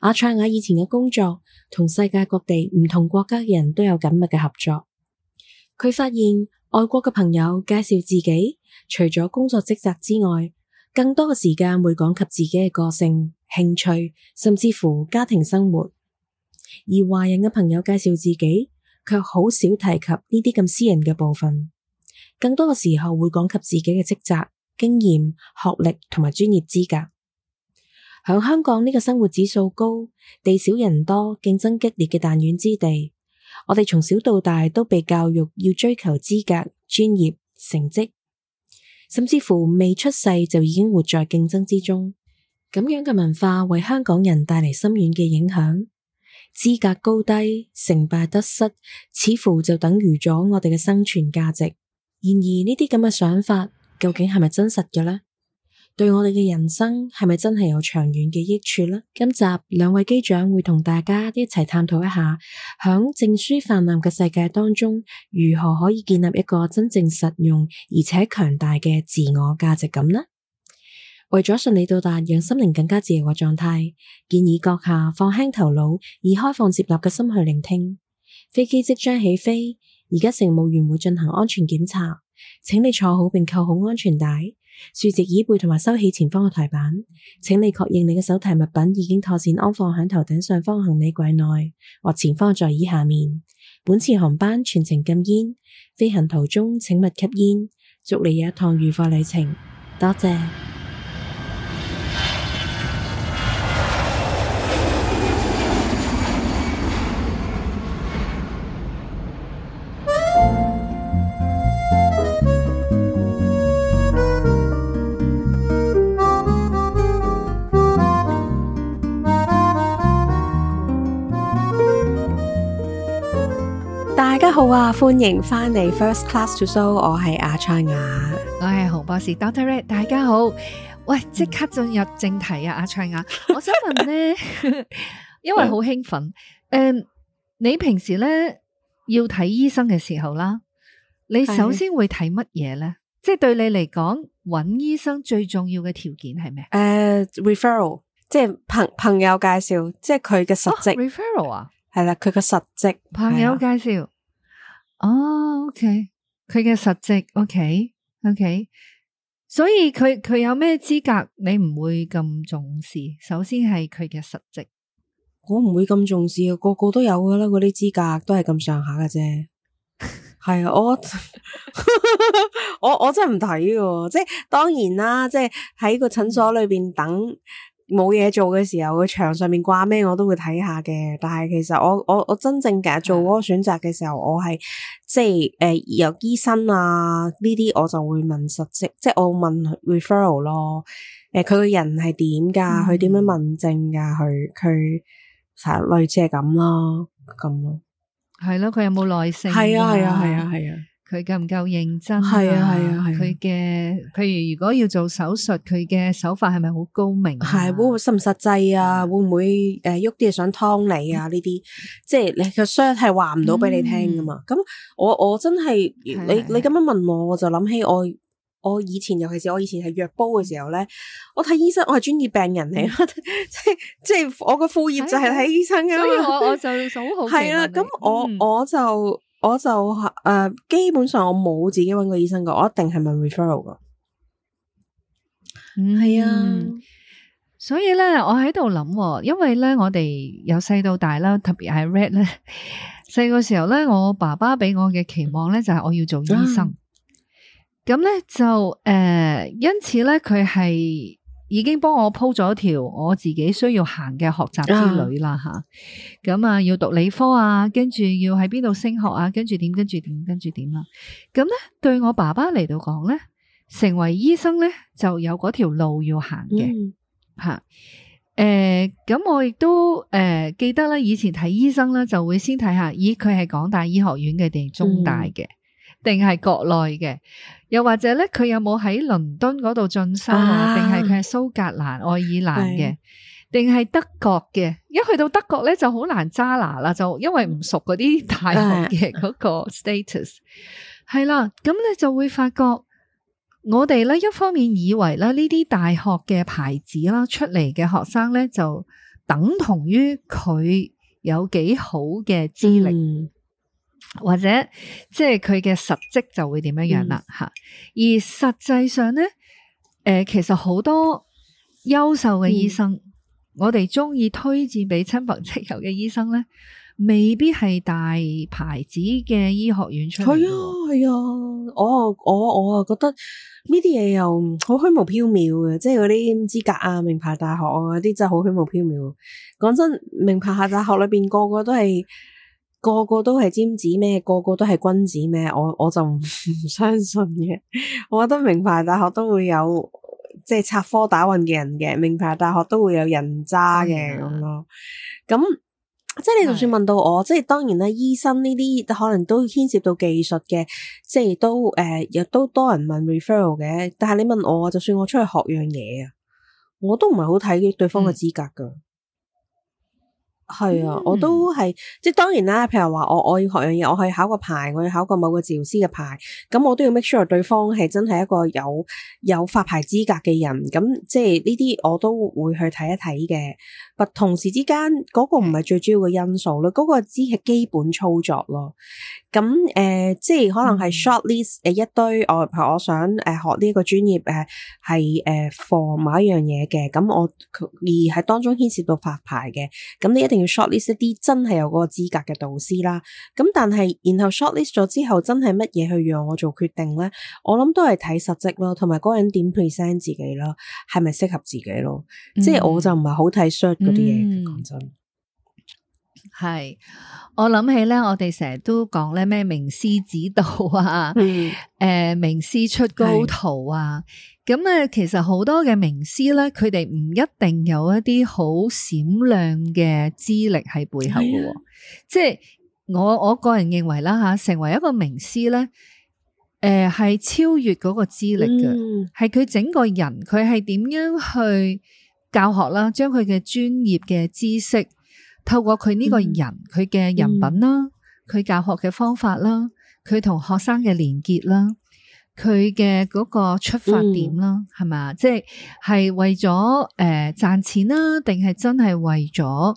阿塞雅以前嘅工作同世界各地唔同國家嘅人都有緊密嘅合作。佢發現外國嘅朋友介紹自己，除咗工作職責之外，更多嘅時間會講及自己嘅個性、興趣，甚至乎家庭生活。而華人嘅朋友介紹自己，卻好少提及呢啲咁私人嘅部分，更多嘅時候會講及自己嘅職責、經驗、學歷同埋專業資格。喺香港呢個生活指數高、地少人多、競爭激烈嘅彈丸之地，我哋從小到大都被教育要追求資格、專業、成績，甚至乎未出世就已經活在競爭之中。咁樣嘅文化為香港人帶嚟深遠嘅影響。資格高低、成敗得失，似乎就等於咗我哋嘅生存價值。然而呢啲咁嘅想法，究竟係咪真實嘅呢？對我哋嘅人生係咪真係有長遠嘅益處呢？今集兩位機長會同大家一齊探討一下，響證書泛濫嘅世界當中，如何可以建立一個真正實用而且強大嘅自我價值感呢？為咗順利到達，讓心靈更加自由嘅狀態，建議閣下放輕頭腦，以開放接納嘅心去聆聽。飛機即將起飛，而家乘務員會進行安全檢查，請你坐好並扣好安全帶。豎直椅背同埋收起前方嘅台板，請你確認你嘅手提物品已經妥善安放喺頭頂上方行李櫃內或前方座椅下面。本次航班全程禁煙，飛行途中請勿吸煙，祝你有一趟愉快旅程，多謝。好啊，歡迎翻嚟 First Class to Soul，我係阿蔡雅，我係紅博士 Doctor Red，大家好。喂，即刻進入正題啊！阿蔡雅，我想問咧， 因為好興奮。誒、嗯嗯，你平時咧要睇醫生嘅時候啦，你首先會睇乜嘢咧？是即係對你嚟講，揾醫生最重要嘅條件係咩？誒、呃、referral，r 即係朋朋友介紹，即係佢嘅實績、哦、referral r 啊，係啦，佢嘅實績朋友介紹。 哦、oh，OK，佢嘅實職，OK，OK，okay, okay. 所以佢佢有咩資格，你唔會咁重視。首先係佢嘅實職，我唔會咁重視嘅，個個都有噶啦，嗰啲資格都係咁上下㗎啫。係啊， 我 我我真係唔睇嘅，即係當然啦，即係喺個診所裏邊等。冇嘢做嘅時候，個牆上面掛咩，我都會睇下嘅。但係其實我我我真正嘅做嗰個選擇嘅時候，嗯、我係即係誒，由、呃、醫生啊呢啲，我就會問實質，即係我問 referral 咯。誒、呃，佢個人係點噶？佢點、嗯、樣問症噶？佢佢係類似係咁咯，咁咯。係咯、啊，佢有冇耐性？係啊，係啊，係啊，係啊。佢夠唔夠認真？係啊，係啊，係、啊。佢嘅、啊、譬如如果要做手術，佢嘅手法係咪好高明、啊？係會，會實唔實際啊？會唔會誒喐啲嘢想劏你啊？呢啲即係你個 surgeon 係話唔到俾你聽噶嘛？咁、嗯、我我真係你你咁樣問我，我就諗起我我以前尤其是我以前係藥煲嘅時候咧，我睇醫生，我係專業病人嚟， 即係即係我個副業就係睇醫生啊。所以我我就就好好奇。係啦，咁我我就。嗯我就誒、呃，基本上我冇自己揾過醫生噶，我一定係問 referral 噶。唔係、嗯、啊，嗯，所以咧，我喺度諗，因為咧，我哋由細到大啦，特別係 Red 咧，細 個時候咧，我爸爸俾我嘅期望咧，就係、是、我要做醫生。咁咧、嗯、就誒、呃，因此咧佢係。已經幫我鋪咗條我自己需要行嘅學習之旅啦吓，咁啊，啊要讀理科啊，跟住要喺邊度升學啊，跟住點跟住點跟住點啦，咁咧對我爸爸嚟到講咧，成為醫生咧就有嗰條路要行嘅吓，誒、嗯，咁、啊呃、我亦都誒、呃、記得咧以前睇醫生咧就會先睇下，咦佢係港大醫學院嘅定中大嘅定係國內嘅。又或者咧，佢有冇喺倫敦嗰度進修啊？定係佢係蘇格蘭、愛爾蘭嘅，定係的德國嘅？一去到德國咧，就好難揸拿啦，就因為唔熟嗰啲大學嘅嗰個 status。係啦的，咁你就會發覺，我哋咧一方面以為咧呢啲大學嘅牌子啦，出嚟嘅學生咧就等同於佢有幾好嘅資歷。的或者即係佢嘅實績就會點樣樣啦吓，而實際上咧，誒其實好多優秀嘅醫生，我哋中意推薦俾親朋戚友嘅醫生咧，未必係大牌子嘅醫學院出嚟。係啊係啊，我我我啊覺得呢啲嘢又好虛無縹緲嘅，即係嗰啲資格啊名牌大學啊啲真係好虛無縹緲。講真，名牌大學裏邊個個都係。個個都係尖子咩？個個都係君子咩？我我就唔相信嘅。 我覺得名牌大學都會有即係插科打諢嘅人嘅，名牌大學都會有人渣嘅咁咯。咁、嗯啊、即係你就算問到我，是的 即係當然啦，醫生呢啲可能都牽涉到技術嘅，即係都誒亦、呃、都多人問 referral 嘅。但係你問我，就算我出去學樣嘢啊，我都唔係好睇對方嘅資格噶。嗯係啊，我都係，即係當然啦。譬如話我我要學樣嘢，我要考個牌，我要考個某個治療師嘅牌，咁我都要 make sure 對方係真係一個有有發牌資格嘅人。咁即係呢啲我都會去睇一睇嘅。同時之間嗰、那個唔係最主要嘅因素咯，嗰、那個只係基本操作咯。咁、嗯、誒，即係、嗯嗯、可能係 shortlist 誒一堆，我係我想誒學呢個專業誒係誒課某一樣嘢嘅。咁我而喺當中牽涉到發牌嘅，咁你一定要 shortlist 一啲真係有嗰個資格嘅導師啦。咁但係然後 shortlist 咗之後，真係乜嘢去讓我做決定咧？我諗都係睇實質咯，同埋嗰人點 present 自己咯，係咪適合自己咯？即係我就唔係好睇 short。啲嘢，講真，係我諗起咧，我哋成日都講咧咩名師指導啊，誒、嗯呃，名師出高徒啊，咁啊是，其實好多嘅名師咧，佢哋唔一定有一啲好閃亮嘅資歷喺背後嘅，嗯、即係我我個人認為啦吓，成為一個名師咧，誒、呃，係超越嗰個資歷嘅，係佢、嗯、整個人，佢係點樣去。教學啦，將佢嘅專業嘅知識，透過佢呢個人，佢嘅、嗯、人品啦，佢、嗯、教學嘅方法啦，佢同學生嘅連結啦，佢嘅嗰個出發點啦，係咪、嗯？即係係為咗誒賺錢啦，定係真係為咗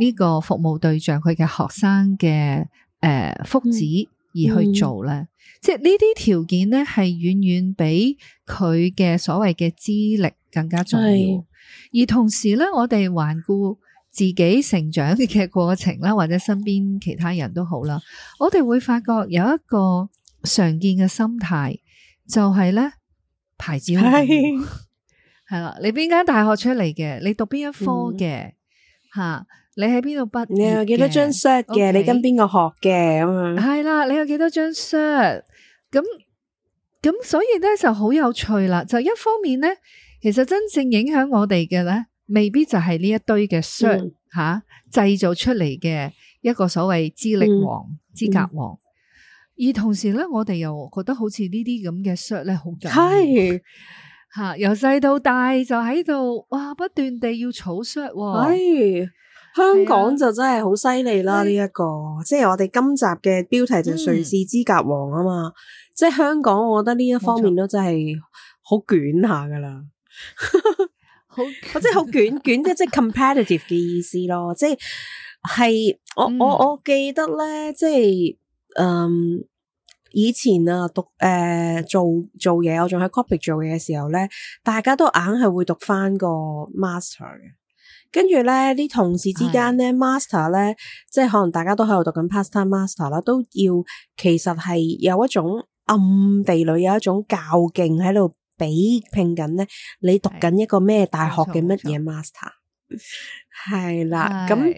呢個服務對象佢嘅學生嘅誒、呃、福祉？嗯而去做咧，嗯、即係呢啲條件咧，係遠遠比佢嘅所謂嘅資歷更加重要。是而同時咧，我哋環顧自己成長嘅過程啦，或者身邊其他人都好啦，我哋會發覺有一個常見嘅心態，就係咧，牌子係係啦，你邊間大學出嚟嘅，你讀邊一科嘅，吓、嗯。嗯你喺邊度畢業？你有幾多張 shirt 嘅？你跟邊個學嘅咁啊？係啦，你有幾多張 shirt？咁咁，所以咧就好有趣啦。就一方面咧，其實真正影響我哋嘅咧，未必就係呢一堆嘅 shirt 吓製造出嚟嘅一個所謂資歷王、資格王。而同時咧，我哋又覺得好似呢啲咁嘅 shirt 咧好緊係吓，由細到大就喺度哇，不斷地要儲 shirt 喎。香港就真係好犀利啦！呢一是的、這個即係我哋今集嘅標題就誰是資格王啊嘛！嗯、即係香港，我覺得呢一方面都真係好捲下噶啦，好即係好捲捲即係 competitive 嘅意思咯。即係係我我我記得咧，即係嗯，嗯以前啊讀誒、呃、做做嘢，我仲喺 copy 做嘢嘅時候咧，大家都硬係會讀翻個 master 嘅。跟住咧，啲同事之間咧對，master 咧，即係可能大家都喺度讀緊 part time master 啦，都要其實係有一種暗地裏有一種較勁喺度比拼緊咧。你讀緊一個咩大學嘅乜嘢 master？係 啦，咁、 嗯、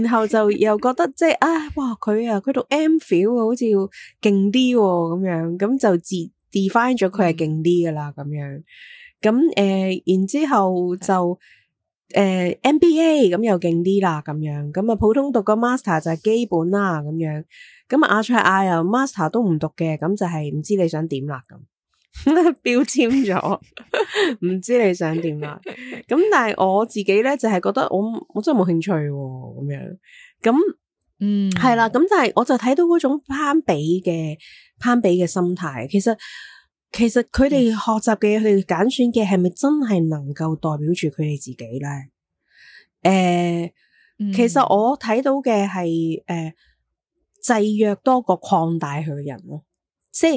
然後就又覺得即係啊，哇，佢啊，佢讀 M Phil 好似要勁啲咁、啊、樣，咁、嗯、就自 define 咗佢係勁啲噶啦，咁樣。咁、嗯、誒、呃，然之後就。 誒、呃、MBA 咁又勁啲啦，咁樣咁啊，普通讀個 master 就係基本啦，咁樣咁啊，阿蔡阿又 master 都唔讀嘅，咁就係唔知你想點啦咁， 標籤咗了，唔 知你想點啦，咁 但係我自己咧就係、是、覺得我我真係冇興趣喎、啊，咁樣咁，樣嗯，係啦，咁就係我就睇到嗰種攀比嘅攀比嘅心態，其實。其實佢哋學習嘅，佢哋揀選嘅係咪真係能夠代表住佢哋自己咧？誒、呃，其實我睇到嘅係誒，制約多過擴大佢人咯，即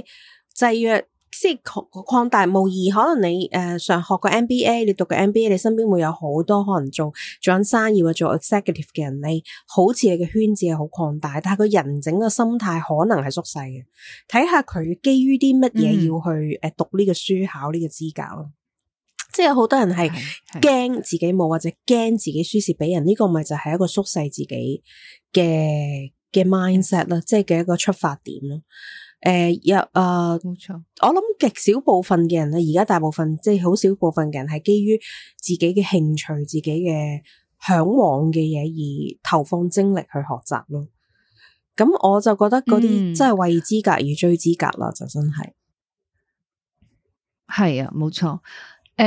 係制約。即係擴大，無疑可能你誒、呃，上學個 MBA，你讀個 MBA，你身邊會有好多可能做做緊生意啊，做 executive 嘅人，你好似你嘅圈子係好擴大，但係個人整個心態可能係縮細嘅。睇下佢基於啲乜嘢要去誒讀呢個書，嗯、考呢個資格咯。即係有好多人係驚自己冇，或者驚自己輸蝕俾人呢、這個，咪就係一個縮細自己嘅嘅 mindset 啦，mind set，即係嘅一個出發點咯。誒，有誒、uh, yeah, uh, 冇錯，冇錯。我諗極少部分嘅人咧，而家大部分即係好少部分嘅人係基於自己嘅興趣、自己嘅向往嘅嘢，而投放精力去學習咯。咁我就覺得嗰啲真係為資格而追資格啦，嗯、就真係係啊，冇錯。誒、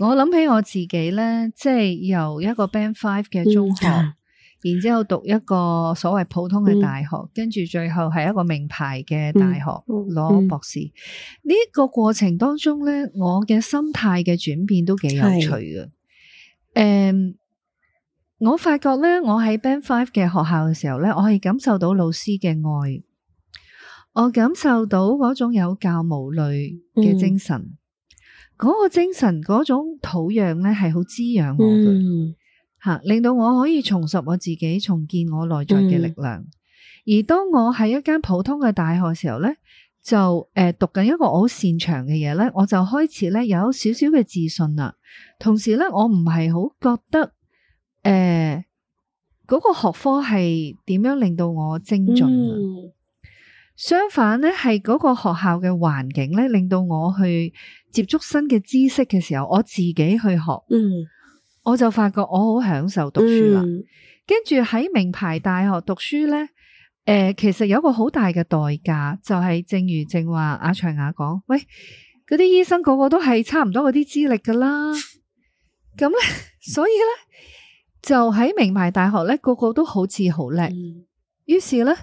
uh,，我諗起我自己咧，即係由一個 Band Five 嘅中學。嗯嗯然之後讀一個所謂普通嘅大學，跟住、嗯、最後係一個名牌嘅大學攞、嗯、博士。呢、嗯、個過程當中呢，我嘅心態嘅轉變都幾有趣嘅。誒是、嗯，我發覺呢，我喺 Band Five 嘅學校嘅時候呢，我係感受到老師嘅愛，我感受到嗰種有教無類嘅精神，嗰、嗯、個精神嗰種土壤呢，係好滋養我嘅。嗯吓，令到我可以重拾我自己，重建我內在嘅力量。嗯、而當我喺一間普通嘅大學嘅時候咧，就誒讀緊一個我好擅長嘅嘢咧，我就開始咧有少少嘅自信啦。同時咧，我唔係好覺得誒嗰、呃嗰個學科係點樣令到我精進、嗯、相反咧，係嗰個學校嘅環境咧，令到我去接觸新嘅知識嘅時候，我自己去學。嗯我就發覺我好享受讀書啦，跟住喺名牌大學讀書咧，誒、呃，其實有個好大嘅代價，就係、是、正如正話阿長雅講，喂，嗰啲醫生個個都係差唔多嗰啲資歷噶啦，咁咧， 所以咧就喺名牌大學咧，個個都好似好叻，嗯、於是咧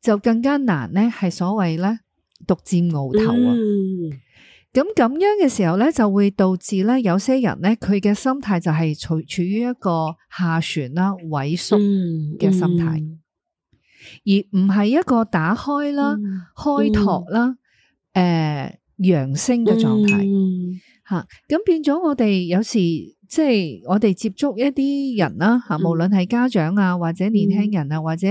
就更加難咧，係所謂咧獨占鰲頭啊。嗯咁咁樣嘅時候咧，就會導致咧，有些人咧，佢嘅心態就係處處於一個下旋啦、萎縮嘅心態，嗯嗯、而唔係一個打開啦、嗯嗯、開拓啦、誒揚升嘅狀態。吓、嗯，咁、嗯啊、變咗我哋有時。即係我哋接觸一啲人啦，吓、嗯，無論係家長啊，或者年輕人啊，嗯、或者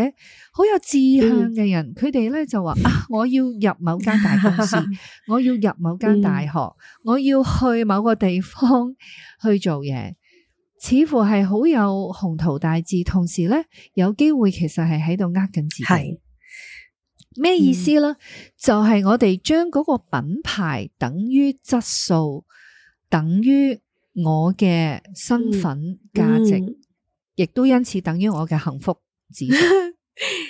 好有志向嘅人，佢哋咧就話、啊、我要入某間大公司，嗯、我要入某間大學，嗯、我要去某個地方去做嘢，似乎係好有宏圖大志，同時咧有機會其實係喺度呃緊自己。咩、嗯、意思咧？就係、是、我哋將嗰個品牌等於質素，質素等於。我嘅身份價值，亦都，嗯嗯、因此等於我嘅幸福指數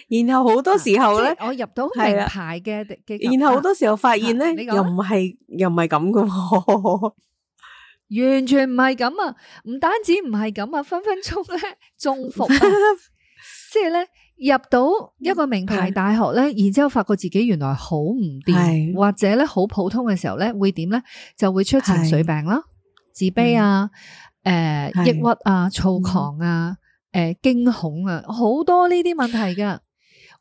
然後好多時候咧、啊、我入到名牌嘅了、啊、然後好多時候發現咧、啊這個，又唔係又唔係咁嘅，完全唔係咁啊！唔單止唔係咁啊，分分鐘咧中伏、啊，即係咧入到一個名牌大學咧，然之後發覺自己原來好唔掂，的或者咧好普通嘅時候咧，會點咧就會出情緒病啦的。自卑啊，誒，抑鬱啊，躁狂啊，誒、呃，驚恐啊，好多呢啲問題㗎，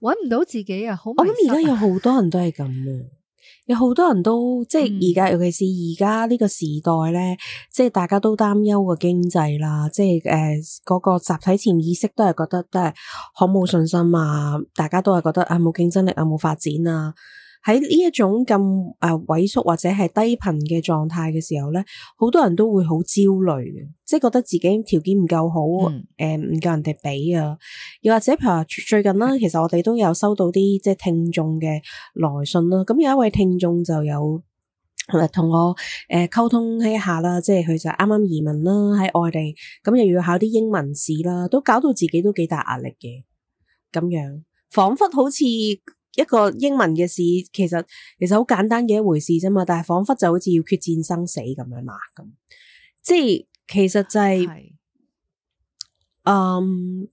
揾唔到自己啊，好、啊。我諗而家有好多人都係咁，有好多人都即係而家，尤其是而家呢個時代咧，即係大家都擔憂個經濟啦，即係誒嗰個集體潛意識都係覺得都係好冇信心啊，大家都係覺得啊冇競爭力啊，冇發展啊。喺呢一種咁誒萎縮或者係低頻嘅狀態嘅時候咧，好多人都會好焦慮嘅，即係覺得自己條件唔夠好，誒唔夠人哋比啊，又或者譬如話最近啦，其實我哋都有收到啲即係聽眾嘅來信啦。咁有一位聽眾就有同我誒溝通一下啦，即係佢就啱啱移民啦，喺外地咁又要考啲英文試啦，都搞到自己都幾大壓力嘅，咁樣仿佛好似。一個英文嘅事，其實其實好簡單嘅一回事啫嘛，但係仿佛就好似要決戰生死咁樣嘛，咁即係其實就係、是，是嗯，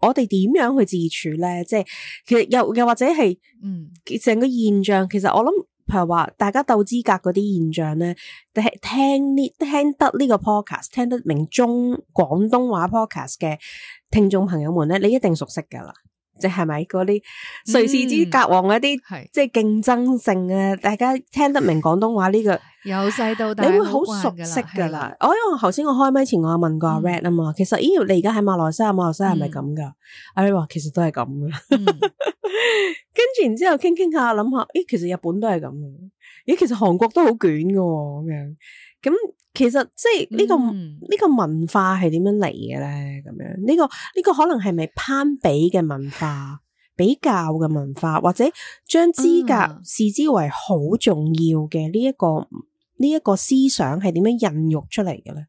我哋點樣去自處咧？即係其實又又或者係，嗯，成個現象，嗯、其實我諗，譬如話大家鬥資格嗰啲現象咧，但係聽呢聽得呢個 podcast，聽得明中廣東話 podcast 嘅聽眾朋友們咧，你一定熟悉噶啦。即係咪嗰啲誰是資格王嗰啲，係、嗯、即係競爭性啊！是大家聽得明廣東話呢、這個，由細到大你會好熟悉噶啦的。我因為頭先我開麥前我有問過阿 Red 啊嘛，其實咦你而家喺馬來西亞、馬來西亞係咪咁噶？阿 Red 話其實都係咁嘅，嗯、 跟住然之後傾傾下諗下，咦其實日本都係咁嘅，咦其實韓國都好卷噶咁樣咁。其實即係呢、這個呢、嗯、個文化係點樣嚟嘅咧？咁樣呢、這個呢、這個可能係咪攀比嘅文化、比較嘅文化，或者將資格視之為好重要嘅呢一個呢一、嗯、個思想係點樣孕育出嚟嘅咧？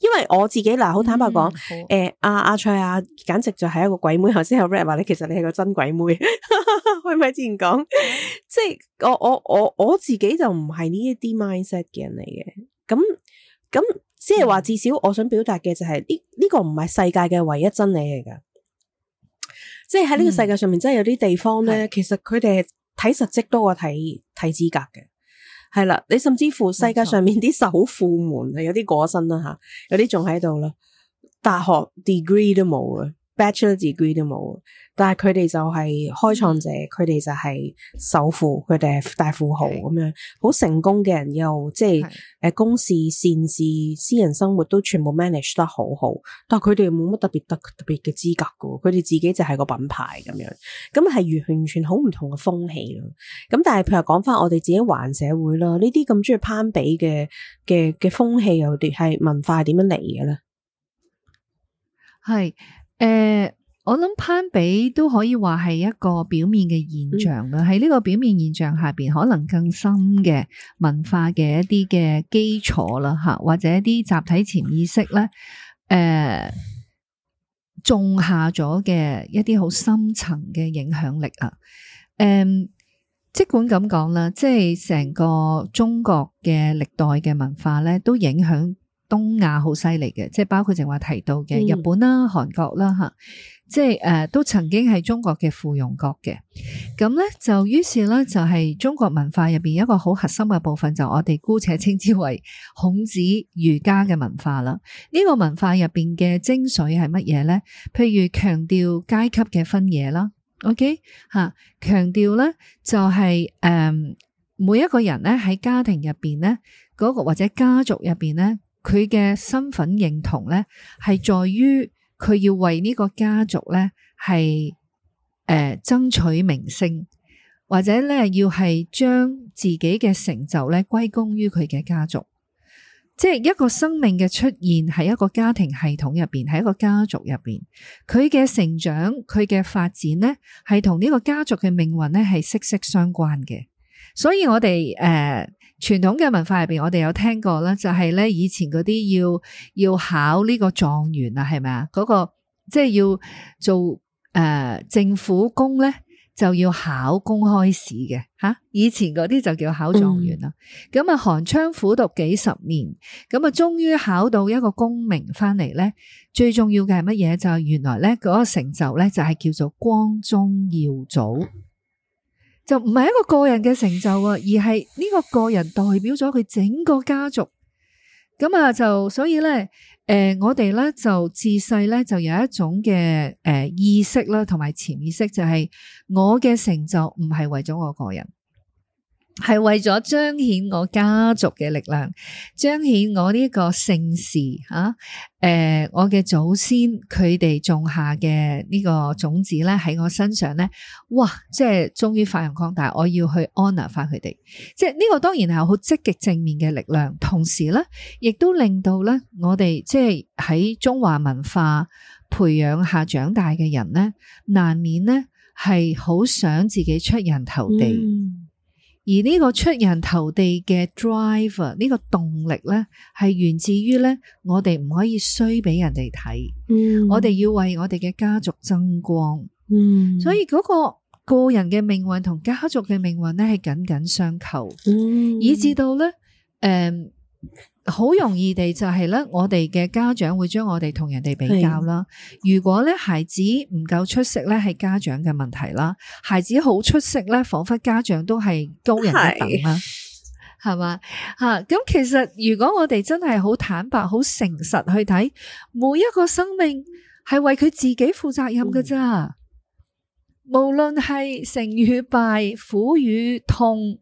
因為我自己嗱、呃嗯，好坦白講，誒、呃，阿阿蔡啊，簡直就係一個鬼妹，頭先有 rap 話你，其實你係個真鬼妹，去唔去之前講？ 即係我我我我,我自己就唔係呢一啲 mindset 嘅人嚟嘅。咁咁，即係話至少，我想表達嘅就係呢呢個唔係世界嘅唯一真理嚟噶。即係喺呢個世界上面，真係有啲地方咧，嗯、其實佢哋係睇實績多過睇睇資格嘅。係啦，你甚至乎世界上面啲首富們係錯有啲過身啦、啊、吓，有啲仲喺度啦，大、嗯、學 degree 都冇啊、嗯、Bachelor degree 都冇。但係佢哋就係開創者，佢哋、嗯、就係首富，佢哋係大富豪咁是樣，好成功嘅人又即係誒是、呃、公事、善事、私人生活都全部 manage 得好好。但係佢哋冇乜特別特特別嘅資格噶，佢哋自己就係個品牌咁樣，咁係完全完全好唔同嘅風氣咯。咁但係譬如講翻我哋自己華人社會啦，呢啲咁中意攀比嘅嘅嘅風氣又啲係文化係點樣嚟嘅咧？係誒。呃我諗攀比都可以話係一個表面嘅現象啦，喺呢、嗯、個表面現象下邊，可能更深嘅文化嘅一啲嘅基礎啦，吓，或者一啲集體潛意識咧，誒、呃，種下咗嘅一啲好深層嘅影響力啊。誒、嗯，即管咁講啦，即係成個中國嘅歷代嘅文化咧，都影響東亞好犀利嘅，即係包括正話提到嘅日本啦、韓、嗯、國啦，吓。即係誒、呃，都曾經係中國嘅附庸國嘅，咁咧就於是咧就係中國文化入邊一個好核心嘅部分，就是、我哋姑且稱之為孔子儒家嘅文化啦。呢、這個文化入邊嘅精髓係乜嘢咧？譬如強調階級嘅分野啦，OK 吓、啊，強調咧就係、是、誒、呃，每一個人咧喺家庭入邊咧嗰個或者家族入邊咧，佢嘅身份認同咧係在於。佢要為呢個家族咧係誒爭取名聲，或者咧要係將自己嘅成就咧歸功於佢嘅家族，即係一個生命嘅出現喺一個家庭系統入邊，喺一個家族入邊，佢嘅成長佢嘅發展咧係同呢個家族嘅命運咧係息息相關嘅，所以我哋誒。呃傳統嘅文化入邊，我哋有聽過啦、那個，就係咧以前嗰啲要要考呢個狀元啊，係咪啊？嗰個即係要做誒、呃、政府工咧，就要考公開試嘅吓。以前嗰啲就叫考狀元啦。咁啊寒窗苦讀幾十年，咁啊終於考到一個功名翻嚟咧。最重要嘅係乜嘢？就係原來咧嗰個成就咧，就係叫做光宗耀祖。就唔係一個個人嘅成就啊，而係呢個個人代表咗佢整個家族。咁啊，就所以咧，誒、呃，我哋咧就自細咧就有一種嘅誒、呃、意識啦，同埋潛意識就係、是、我嘅成就唔係為咗我個人。係為咗彰顯我家族嘅力量，彰顯我呢個姓氏吓，誒、啊呃，我嘅祖先佢哋種下嘅呢個種子咧，喺我身上咧，哇！即係終於發揚光大，我要去 honour 翻佢哋，即係呢、呢個當然係好積極正面嘅力量，同時咧亦都令到咧我哋即係喺中華文化培養下長大嘅人咧，難免咧係好想自己出人頭地。嗯。而呢個出人頭地嘅 driver，呢個動力咧，係源自於咧，我哋唔可以衰俾人哋睇，嗯、我哋要為我哋嘅家族爭光。嗯，所以嗰個個人嘅命運同家族嘅命運咧，係緊緊相扣，嗯、以至到咧，誒、嗯。好容易地就係咧，我哋嘅家長會將我哋同人哋比較啦。的如果咧孩子唔夠出色咧，係家長嘅問題啦。孩子好出色咧，仿佛家長都係高人一等啦，係嘛吓？咁、啊、其實如果我哋真係好坦白、好誠實去睇，每一個生命係為佢自己負責任噶咋。嗯、無論係成與敗、苦與痛、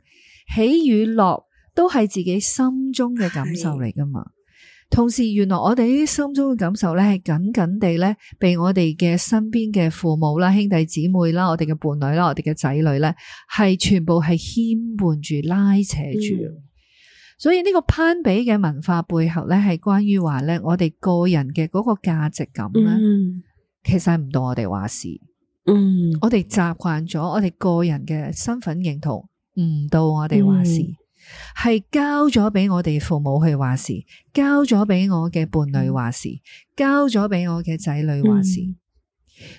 喜與樂。都係自己心中嘅感受嚟㗎嘛？是同時，原來我哋呢啲心中嘅感受咧，係緊緊地咧，被我哋嘅身邊嘅父母啦、兄弟姊妹啦、我哋嘅伴侶啦、我哋嘅仔女咧，係全部係牽絆住、拉扯住。嗯，所以呢個攀比嘅文化背後咧，係關於話咧，我哋個人嘅嗰個價值感咧，其實係唔到我哋話事。嗯，我哋習慣咗，我哋個人嘅身份認同唔到我哋話事。嗯嗯係交咗俾我哋父母去話事，交咗俾我嘅伴侶話事，嗯、交咗俾我嘅仔女話事，嗯、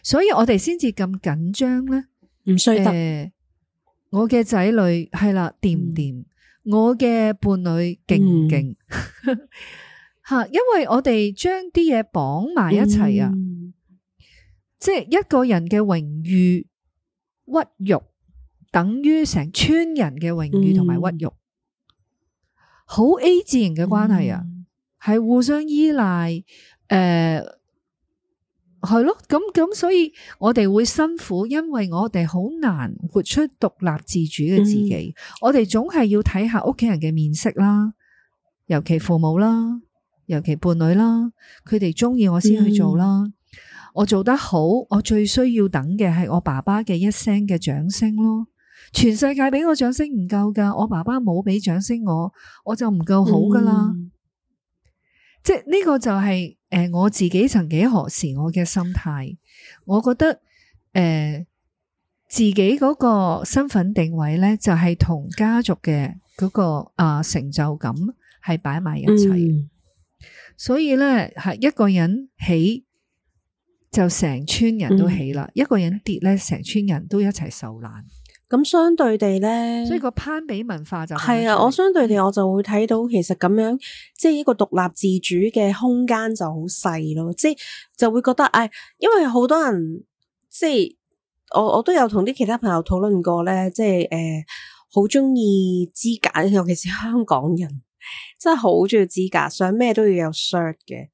所以我哋先至咁緊張咧。唔需要。我嘅仔女係啦，掂唔掂？我嘅、嗯、伴侶勁唔勁？吓，嗯、 因為我哋將啲嘢綁埋一齊啊，嗯、即係一個人嘅榮譽屈辱，等於成村人嘅榮譽同埋屈辱。嗯好 A 字形嘅關係啊，係、嗯、互相依賴，誒、呃，係咯，咁咁，所以我哋會辛苦，因為我哋好難活出獨立自主嘅自己，嗯、我哋總係要睇下屋企人嘅面色啦，尤其父母啦，尤其伴侶啦，佢哋中意我先去做啦，嗯、我做得好，我最需要等嘅係我爸爸嘅一聲嘅掌聲咯。全世界俾我掌聲唔夠噶，我爸爸冇俾掌聲我，我就唔夠好噶啦。嗯、即係呢、這個就係、是、誒、呃、我自己曾幾何時我嘅心態，我覺得誒、呃、自己嗰個身份定位呢，就係、是、同家族嘅嗰、那個啊、呃、成就感係擺埋一齊。嗯、所以呢，係一個人起就成村人都起啦，嗯、一個人跌呢，成村人都一齊受難。咁相對地咧，所以個攀比文化就係啊！我相對地我就會睇到其實咁樣，即係一個獨立自主嘅空間就好細咯，即係就會覺得唉、哎，因為好多人即係我我都有同啲其他朋友討論過咧，即係誒好中意資格，尤其是香港人真係好中意資格，想咩都要有 cert 嘅，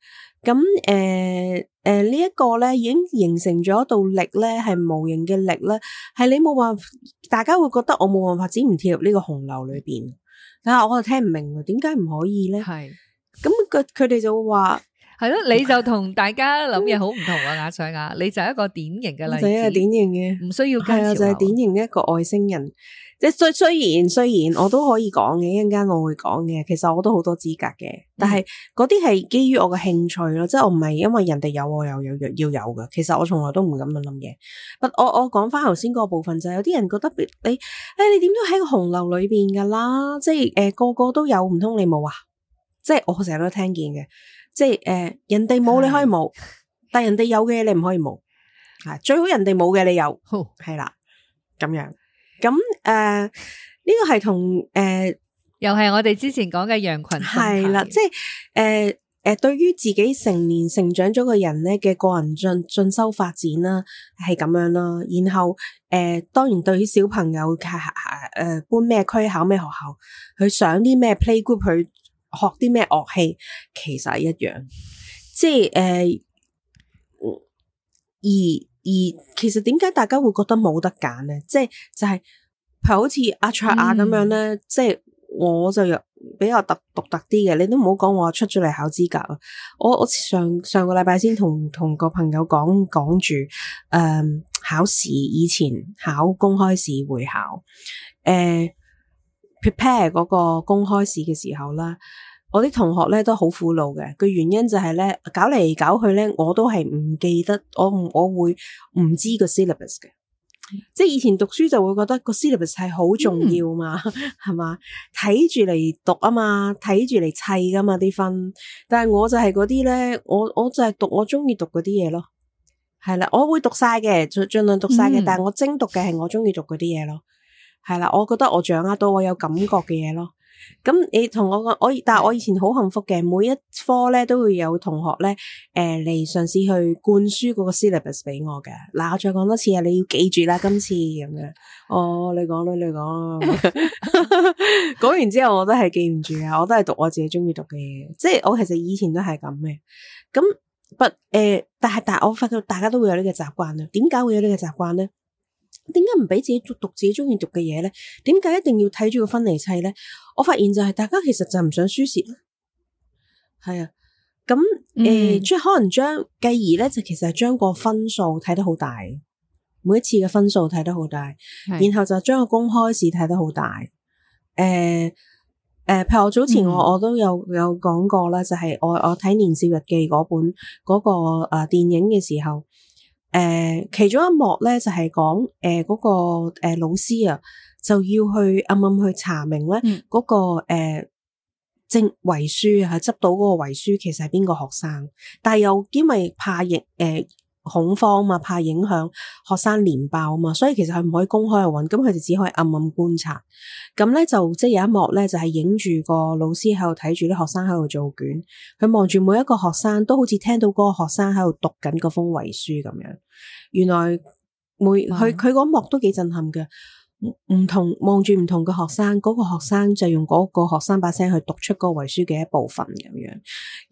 咁誒。呃誒，呃這個、呢一個咧已經形成咗一道力咧，係無形嘅力咧，係你冇辦法，大家會覺得我冇辦法只唔跳入呢個洪流裏邊，但係我就聽唔明，點解唔可以咧？係，咁佢佢哋就會話。係咯，你就同大家諗嘢好唔同啊！阿彩啊，你就一個典型嘅例子，典型嘅，唔需要跟潮流啊，就係典型嘅一個外星人。即係雖雖然雖然我都可以講嘅，一陣間我會講嘅。其實我都好多資格嘅，但係嗰啲係基於我嘅興趣咯。即係我唔係因為人哋有我又有要要有嘅。其實我從來都唔會咁樣諗嘢。不我我講翻頭先嗰個部分就係有啲人覺得你誒，你點都喺個紅樓裏邊噶啦。即係誒個個都有，唔通你冇啊？即係我成日都聽見嘅。即係誒、呃，人哋冇你可以冇，的但係人哋有嘅你唔可以冇吓、啊，最好人哋冇嘅你有，係啦咁樣。咁誒，呢、呃這個係同誒，呃、又係我哋之前講嘅羊群係啦。即係誒誒，對於自己成年成長咗嘅人咧嘅個人進進修發展啦，係咁樣啦。然後誒、呃，當然對於小朋友，佢、呃、誒搬咩區，考咩學校，佢上啲咩 play group，佢。學啲咩樂器其實係一樣，即係誒、呃，而而其實點解大家會覺得冇得揀咧？即係就係、譬如、係好似阿卓亞咁樣咧，嗯、即係我就比較獨特獨特啲嘅。你都唔好講我出咗嚟考資格啊！我我上上個禮拜先同同個朋友講講住誒，考試以前考公開試會考誒。呃 prepare 嗰個公開試嘅時候啦，我啲同學咧都好苦惱嘅，個原因就係咧，搞嚟搞去咧，我都係唔記得，我唔我會唔知個 syllabus 嘅，即係以前讀書就會覺得個 syllabus 係好重要嘛，係、嗯、 嘛，睇住嚟讀啊嘛，睇住嚟砌噶嘛啲分，但係我就係嗰啲咧，我我就係讀我中意讀嗰啲嘢咯，係啦，我會讀晒嘅，盡盡量讀晒嘅，嗯、但係我精讀嘅係我中意讀嗰啲嘢咯。係啦，我覺得我掌握到我有感覺嘅嘢咯。咁你同我講，我但係我以前好幸福嘅，每一科咧都會有同學咧，誒、呃、嚟嘗試去灌輸嗰個 syllabus 俾我嘅。嗱，我再講多次啊，你要記住啦，今次咁樣。哦，你講啦，你講。講 完之後我都記住，我都係記唔住啊，我都係讀我自己中意讀嘅嘢。即係我其實以前都係咁嘅。咁不誒，但係大、呃、我發覺大家都會有呢個習慣啦。點解會有呢個習慣咧？點解唔俾自己讀自己中意讀嘅嘢咧？點解一定要睇住個分厘砌咧？我發現就係大家其實就唔想輸蝕咯，係啊。咁誒，呃嗯、即係可能將繼而咧，就其實係將個分數睇得好大，每一次嘅分數睇得好大，是然後就將個公開試睇得好大。誒、呃、誒、呃，譬如我早前我、嗯、我都有有講過啦，就係、是、我我睇年少日記嗰本嗰、那個誒、啊、電影嘅時候。誒，uh, 其中一幕咧就係講誒，嗰、呃那個誒老師啊，就要去暗暗去查明咧，嗰、那個誒證遺書啊，執到嗰個遺書其實係邊個學生，但係又因為怕認誒。呃恐慌嘛，怕影響學生連爆嘛，所以其實佢唔可以公開去搵，咁佢就只可以暗暗觀察。咁咧就即係有一幕咧，就係影住個老師喺度睇住啲學生喺度做卷，佢望住每一個學生都好似聽到嗰個學生喺度讀緊嗰封遺書咁樣。原來每佢佢嗰一幕都幾震撼嘅。唔同望住唔同嘅學生，嗰、嗰個學生就用嗰個學生把聲去讀出嗰個遺書嘅一部分咁樣，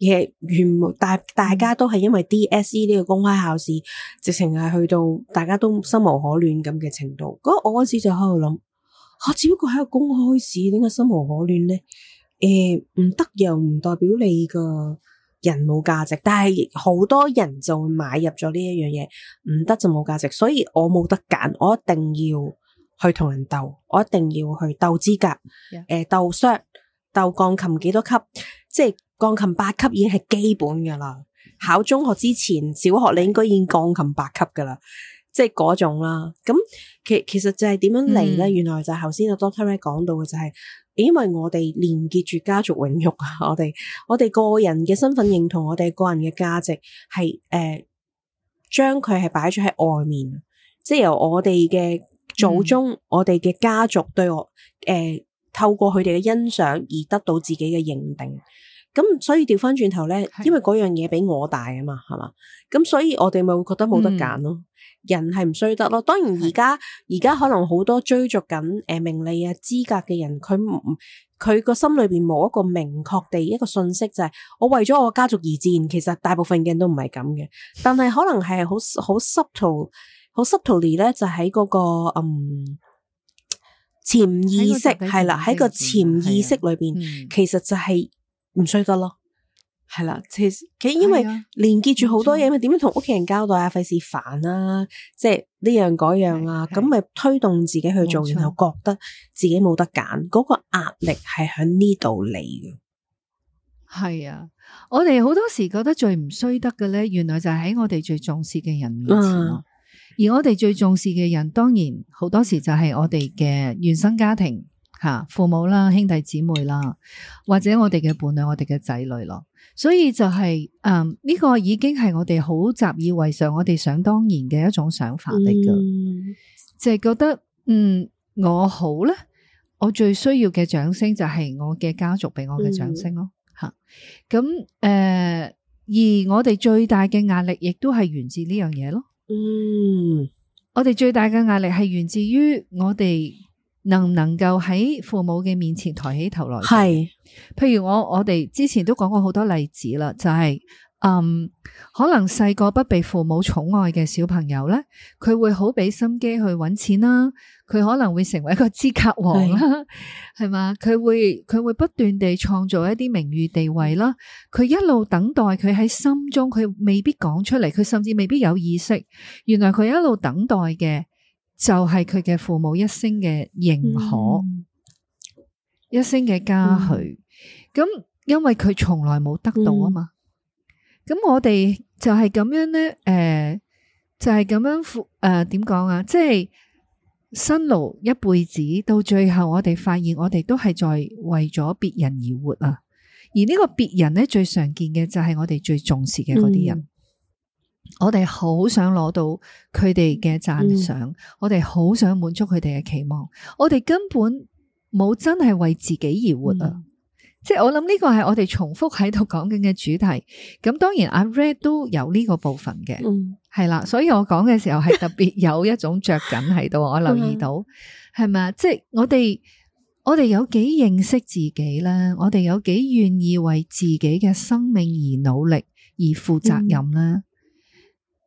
而係原冇，大家都係因為 DSE 呢個公開考試，直情係去到大家都心無可戀咁嘅程度。咁我嗰時就喺度諗，我只不過喺個公開試，點解心無可戀呢？誒、呃，唔得又唔代表你個人冇價值，但係好多人就會買入咗呢一樣嘢，唔得就冇價值，所以我冇得揀，我一定要。去同人鬥，我一定要去鬥資格，誒、呃，鬥商，鬥鋼琴幾多級？即係鋼琴八級已經係基本噶啦。考中學之前，小學你應該已經鋼琴八級噶啦，即係嗰種啦。咁其其實就係點樣嚟咧？嗯、原來就係頭先阿 Doctor Ray 講到嘅就係，因為我哋連結住家族榮辱啊，我哋我哋個人嘅身份認同，我哋個人嘅價值係誒，將佢係擺咗喺外面，即係由我哋嘅。祖宗，我哋嘅家族對我，誒、呃，透過佢哋嘅欣賞而得到自己嘅認定。咁所以調翻轉頭咧，是的 因為嗰樣嘢比我大啊嘛，係嘛。咁所以我哋咪會覺得冇得揀咯。嗯、人係唔衰得咯。當然而家而家可能好多追逐緊誒名利啊資格嘅人，佢唔佢個心裏邊冇一個明確地一個信息就係我為咗我家族而戰。其實大部分嘅人都唔係咁嘅，但係可能係好好 s u 我 subtly 咧，就喺嗰個嗯潛意識係啦，喺個潛意識裏邊，其實就係唔衰得咯，係啦，其實，其實因為連結住好多嘢嘛，點樣同屋企人交代啊？費事煩啊，即係呢樣嗰樣啊，咁咪推動自己去做，然後覺得自己冇得揀，嗰個壓力係喺呢度嚟嘅。係啊，我哋好多時覺得最唔衰得嘅咧，原來就係喺我哋最重視嘅人面前而我哋最重視嘅人，當然好多時就係我哋嘅原生家庭吓，父母啦、兄弟姊妹啦，或者我哋嘅伴侶、我哋嘅仔女咯。所以就係誒呢個已經係我哋好習以為常、我哋想當然嘅一種想法嚟㗎，嗯、就係覺得嗯我好咧，我最需要嘅掌聲就係我嘅家族俾我嘅掌聲咯吓。咁誒、嗯嗯嗯，而我哋最大嘅壓力亦都係源自呢樣嘢咯。嗯，我哋最大嘅壓力係源自於我哋能唔能夠喺父母嘅面前抬起頭來。係，譬如我我哋之前都講過好多例子啦，就係。嗯，um, 可能細個不被父母寵愛嘅小朋友咧，佢會好俾心機去揾錢啦，佢可能會成為一個資格王啦，係嘛是？佢會佢會不斷地創造一啲名譽地位啦，佢一路等待佢喺心中，佢未必講出嚟，佢甚至未必有意識。原來佢一路等待嘅就係佢嘅父母一聲嘅認可，嗯、一聲嘅嘉許。咁、嗯、因為佢從來冇得到啊嘛。嗯咁我哋就係咁樣咧，誒、呃，就係、是、咁樣，誒、呃，點講啊？即係辛勞一輩子，到最後我哋發現，我哋都係在為咗別人而活啊！而呢個別人咧，最常見嘅就係我哋最重視嘅嗰啲人，嗯、我哋好想攞到佢哋嘅讚賞，嗯、我哋好想滿足佢哋嘅期望，我哋根本冇真係為自己而活啊！嗯即係我諗呢個係我哋重複喺度講緊嘅主題，咁當然阿 Red 都有呢個部分嘅，係啦、嗯，所以我講嘅時候係特別有一種着緊喺度， 我留意到係咪，即係我哋我哋有幾認識自己咧，我哋有幾願意為自己嘅生命而努力而負責任咧？誒、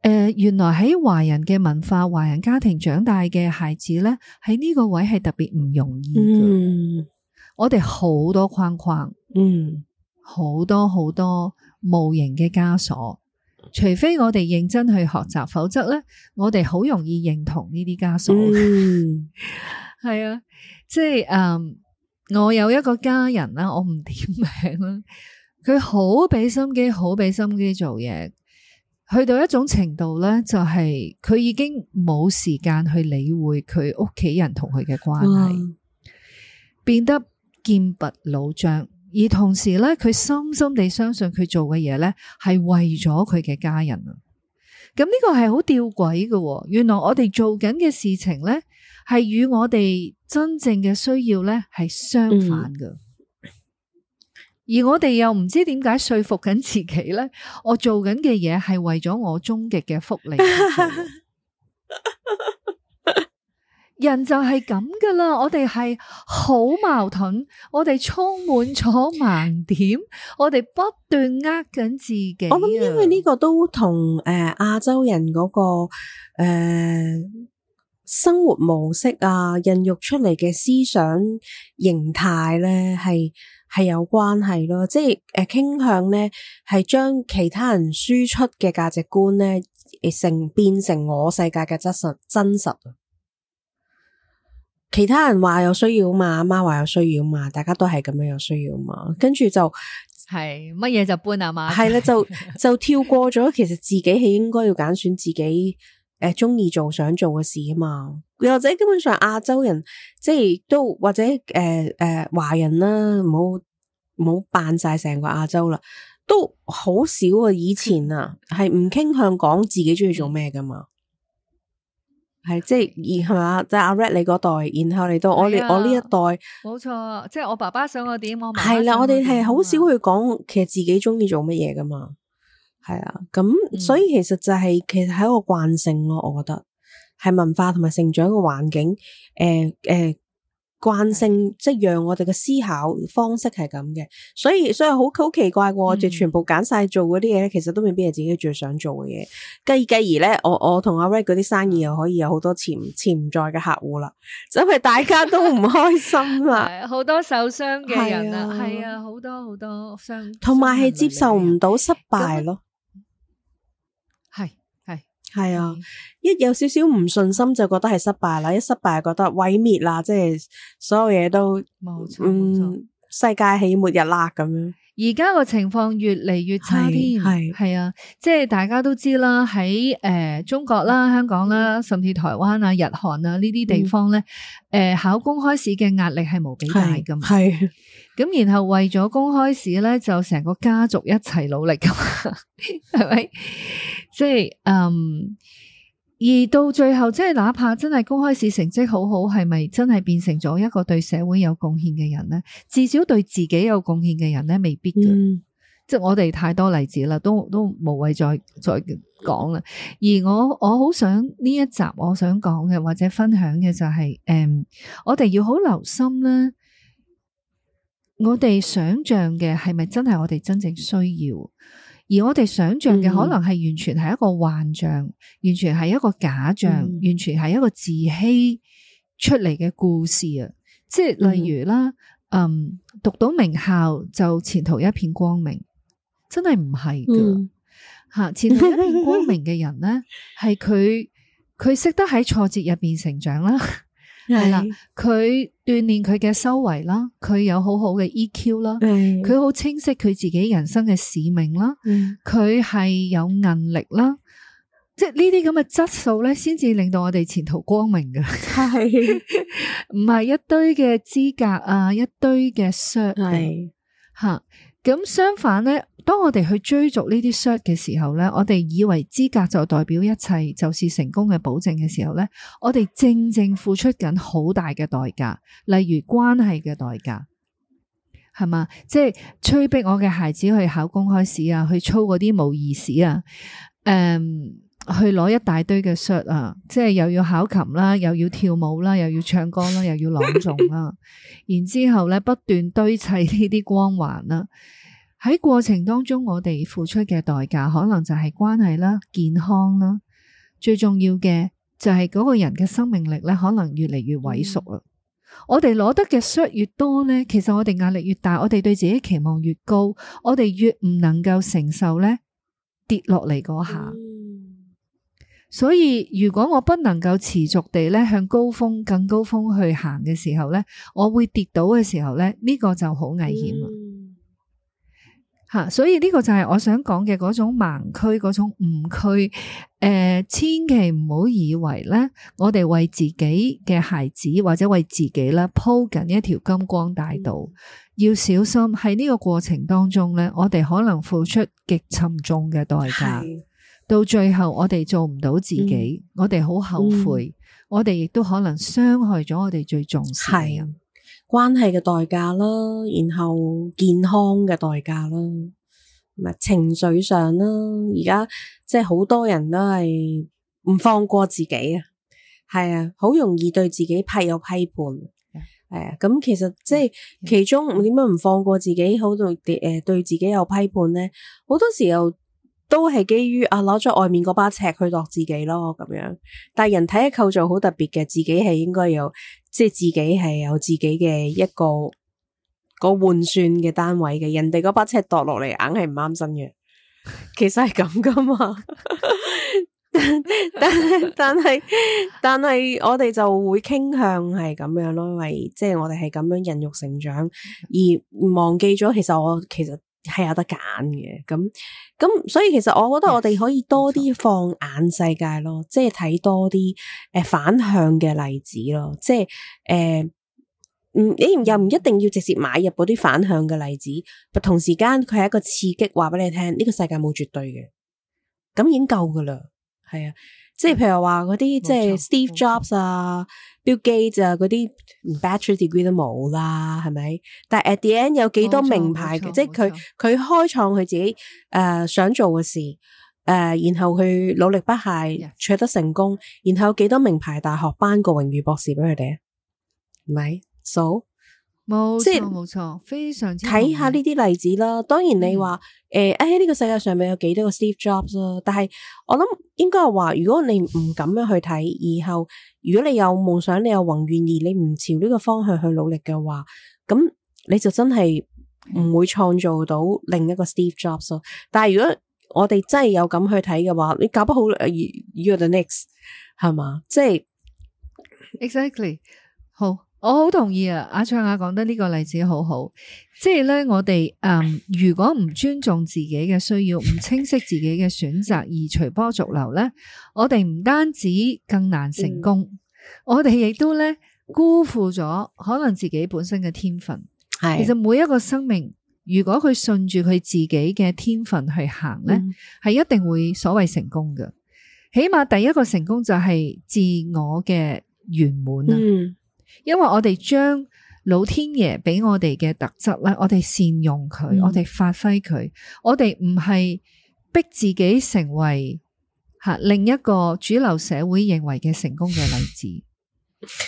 嗯呃，原來喺華人嘅文化、華人家庭長大嘅孩子咧，喺呢個位係特別唔容易嘅。嗯我哋好多框框，嗯，好多好多無形嘅枷鎖。除非我哋認真去學習，嗯、否則咧，我哋好容易認同呢啲枷鎖。係、嗯、 啊，即係誒，um, 我有一個家人啦，我唔點名啦，佢好俾心機，好俾心機做嘢，去到一種程度咧，就係佢已經冇時間去理會佢屋企人同佢嘅關係，哇變得劍拔弩張，而同時咧，佢深深地相信佢做嘅嘢咧係為咗佢嘅家人啊！咁呢個係好吊詭嘅，原來我哋做緊嘅事情咧係與我哋真正嘅需要咧係相反嘅，嗯、而我哋又唔知點解說服緊自己咧，我做緊嘅嘢係為咗我終極嘅福利。 人就係咁噶啦，我哋係好矛盾，我哋充滿咗盲點，我哋不斷呃緊自己啊。我諗因為呢個都同誒亞洲人嗰、嗰個誒、呃、生活模式啊，孕育出嚟嘅思想形態咧，係係有關係咯。即係誒傾向咧，係將其他人輸出嘅價值觀咧，成變成我世界嘅真實真實。其他人話有需要嘛，阿媽話有需要嘛，大家都係咁樣有需要嘛，跟住就係乜嘢就搬啊嘛，係啦， 就就跳過咗，其實自己係應該要揀選自己誒中意做想做嘅事啊嘛，又或者基本上亞洲人即係都或者誒誒華人啦，唔好，唔好扮晒成個亞洲啦，都好少啊，以前啊係唔傾向講自己中意做咩噶嘛。係即係，係嘛？就阿 Rat 你嗰代，然後嚟到我、啊、我呢一代，冇錯。即係我爸爸想我點，我係啦、啊。我哋係好少去講，其實自己中意做乜嘢噶嘛？係啊，咁、嗯、所以其實就係、是、其實係一個慣性咯。我覺得係文化同埋成長嘅環境。誒、呃、誒。呃慣性是的 即係讓我哋嘅思考方式係咁嘅，所以所以好好奇怪嘅，啊，我哋、嗯、全部揀晒做嗰啲嘢咧，其實都未必係自己最想做嘅嘢。繼繼而咧，我我同阿 Ray 嗰啲生意又可以有好多潛潛在嘅客戶啦。咁係大家都唔開心啦，好 多受傷嘅人啦，係啊的，好多好多傷。同埋係接受唔到失敗咯。係啊，一有少少唔信心就覺得係失敗啦，一失敗就覺得毀滅啦，即係所有嘢都冇錯，世界起末日啦咁樣。而家個情況越嚟越差添，係啊，即係大家都知啦，喺誒、呃、中國啦、香港啦，甚至台灣啊、日韓啊呢啲地方咧，誒、嗯呃、考公開試嘅壓力係無比大噶嘛咁然後為咗公開試咧，就成個家族一齊努力咁，係 咪？即係嗯，而到最後，即係哪怕真係公開試成績好好，係咪真係變成咗一個對社會有貢獻嘅人咧？至少對自己有貢獻嘅人咧，未必嘅。嗯、即係我哋太多例子啦，都都無謂再再講啦。而我我好想呢一集，我想講嘅或者分享嘅就係、是，誒、嗯，我哋要好留心咧。我哋想象嘅係咪真係我哋真正需要？而我哋想象嘅可能係完全係一個幻象，嗯、完全係一個假象，嗯、完全係一個自欺出嚟嘅故事啊！即係例如啦，嗯,嗯，讀到名校就前途一片光明，真係唔係㗎吓，嗯、前途一片光明嘅人咧，係佢佢識得喺挫折入邊成長啦。 係啦，佢鍛煉佢嘅修為啦，佢有好好嘅 EQ 啦，佢好清晰佢自己人生嘅使命啦，佢係的有韌力啦，即係呢啲咁嘅質素咧，先至令到我哋前途光明嘅。係唔係一堆嘅資格啊，一堆嘅 cert 係吓，咁的、啊、相反咧。當我哋去追逐呢啲 cert 嘅時候咧，我哋以為資格就代表一切，就是成功嘅保證嘅時候咧，我哋正正付出緊好大嘅代價，例如關係嘅代價，係嘛？即係催逼我嘅孩子去考公開試啊，去操嗰啲模擬試啊，誒、嗯，去攞一大堆嘅 cert 啊，即係又要考琴啦，又要跳舞啦，又要唱歌啦，又要朗誦啦， 然之後咧，不斷堆砌呢啲光環啦。喺過程當中，我哋付出嘅代價可能就係關係啦、健康啦，最重要嘅就係嗰個人嘅生命力咧，可能越嚟越萎縮啊！嗯、我哋攞得嘅 cert 越多呢，其實我哋壓力越大，我哋對自己期望越高，我哋越唔能夠承受呢跌落嚟嗰下。所以如果我不能夠持續地咧向高峰、更高峰去行嘅時候呢，我會跌倒嘅時候呢，呢、呢個就好危險吓、啊，所以呢個就係我想講嘅嗰種盲區、嗰種誤區。誒、呃，千祈唔好以為咧，我哋為自己嘅孩子或者為自己咧鋪緊一條金光大道，嗯、要小心喺呢個過程當中咧，我哋可能付出極沉重嘅代價，是到最後我哋做唔到自己，嗯、我哋好後悔，嗯、我哋亦都可能傷害咗我哋最重視。關係嘅代價啦，然後健康嘅代價啦，同埋情緒上啦，而家即係好多人都係唔放過自己啊，係啊，好容易對自己批有批判，係啊，咁其實即係其中點解唔放過自己，好對誒，對自己有批判咧，好多時候。都係基於啊，攞咗外面嗰把尺去度自己咯，咁樣。但係人體嘅構造好特別嘅，自己係應該有，即係自己係有自己嘅一個一個換算嘅單位嘅。人哋嗰把尺度落嚟，硬係唔啱身嘅。其實係咁噶嘛， 但係但係但係我哋就會傾向係咁樣咯，因為即係我哋係咁樣孕育成長，而忘記咗其實我其實係有得揀嘅，咁咁所以其實我覺得我哋可以多啲放眼世界咯，錯即係睇多啲誒、呃、反向嘅例子咯，即係誒、呃，嗯，你又唔一定要直接買入嗰啲反向嘅例子，同時間佢係一個刺激，話俾你聽呢個世界冇絕對嘅，咁已經夠噶啦，係啊，即係譬如話嗰啲即係 Steve Jobs 啊。錯 Bill Gates 啊，嗰啲唔 bachelor degree 都冇啦，係咪？但係 at the end 有幾多名牌嘅，錯即係佢佢開創佢自己誒、呃、想做嘅事誒、呃，然後佢努力不懈，Yes. 取得成功，然後有幾多名牌大學頒個榮譽博士俾佢哋啊？咪？係、so, 錯，數冇即，即係冇錯，非常之。睇下呢啲例子啦。嗯、當然你話誒誒呢個世界上面有幾多個 Steve Jobs 咯、啊？但係我諗應該係話，如果你唔咁樣去睇以後。如果你有夢想，你有宏願，而你唔朝呢個方向去努力嘅話，咁你就真係唔會創造到另一個 Steve Jobs 咯。但係如果我哋真係有咁去睇嘅話，你搞不好 You're the next 係嘛？即係 exactly，好。我好同意啊！阿卓雅講得呢個例子好好，即係咧，我哋嗯，如果唔尊重自己嘅需要，唔清晰自己嘅選擇而隨波逐流咧，我哋唔單止更難成功，嗯、我哋亦都咧辜負咗可能自己本身嘅天分。係的其實每一個生命，如果佢順住佢自己嘅天分去行咧，係、嗯、一定會所謂成功嘅。起碼第一個成功就係自我嘅圓滿啦。嗯因為我哋將老天爺俾我哋嘅特質咧，我哋善用佢，我哋發揮佢，我哋唔係逼自己成為吓另一個主流社會認為嘅成功嘅例子。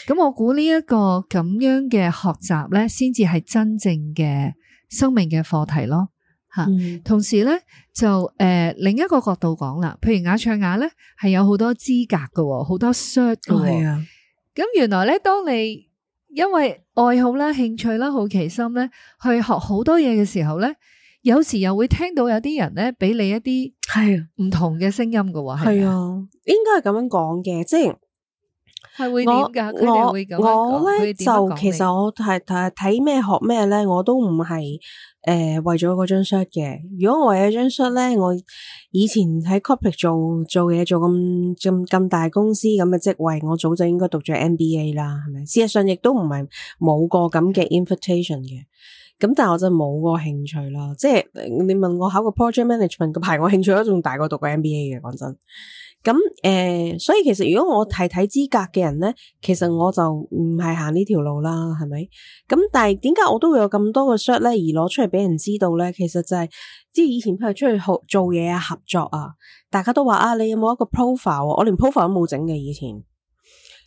咁 我估呢一個咁樣嘅學習咧，先至係真正嘅生命嘅課題咯。吓、嗯，同時咧就誒、呃、另一個角度講啦，譬如雅唱雅咧，係有好多資格嘅，好多 cert 嘅。係啊。咁原來咧，當你因為愛好啦、興趣啦、好奇心咧，去學好多嘢嘅時候咧，有時又會聽到有啲人咧，俾你一啲係唔同嘅聲音嘅話，係啊，啊啊應該係咁樣講嘅，即係。係會點會咁講，佢呢就其實我係睇咩學咩咧，我都唔係誒爲咗嗰張 cert 嘅。如果我爲咗張 cert 咧，我以前喺 copy 做做嘢做咁咁咁大公司咁嘅職位，我早就應該讀咗 MBA 啦，係咪？事實上亦都唔係冇個咁嘅 invitation 嘅。咁、嗯、但係我真係冇個興趣啦。即係你問我考個 project management 個牌我興趣都仲大過讀個 MBA 嘅。講真。咁誒、呃，所以其實如果我睇睇資格嘅人咧，其實我就唔係行呢條路啦，係咪？咁但係點解我都會有咁多個 shot 咧，而攞出嚟俾人知道咧？其實就係即係以前係出去做嘢啊、合作啊，大家都話啊，你有冇一個 profile 啊？我連 profile 都冇整嘅以前。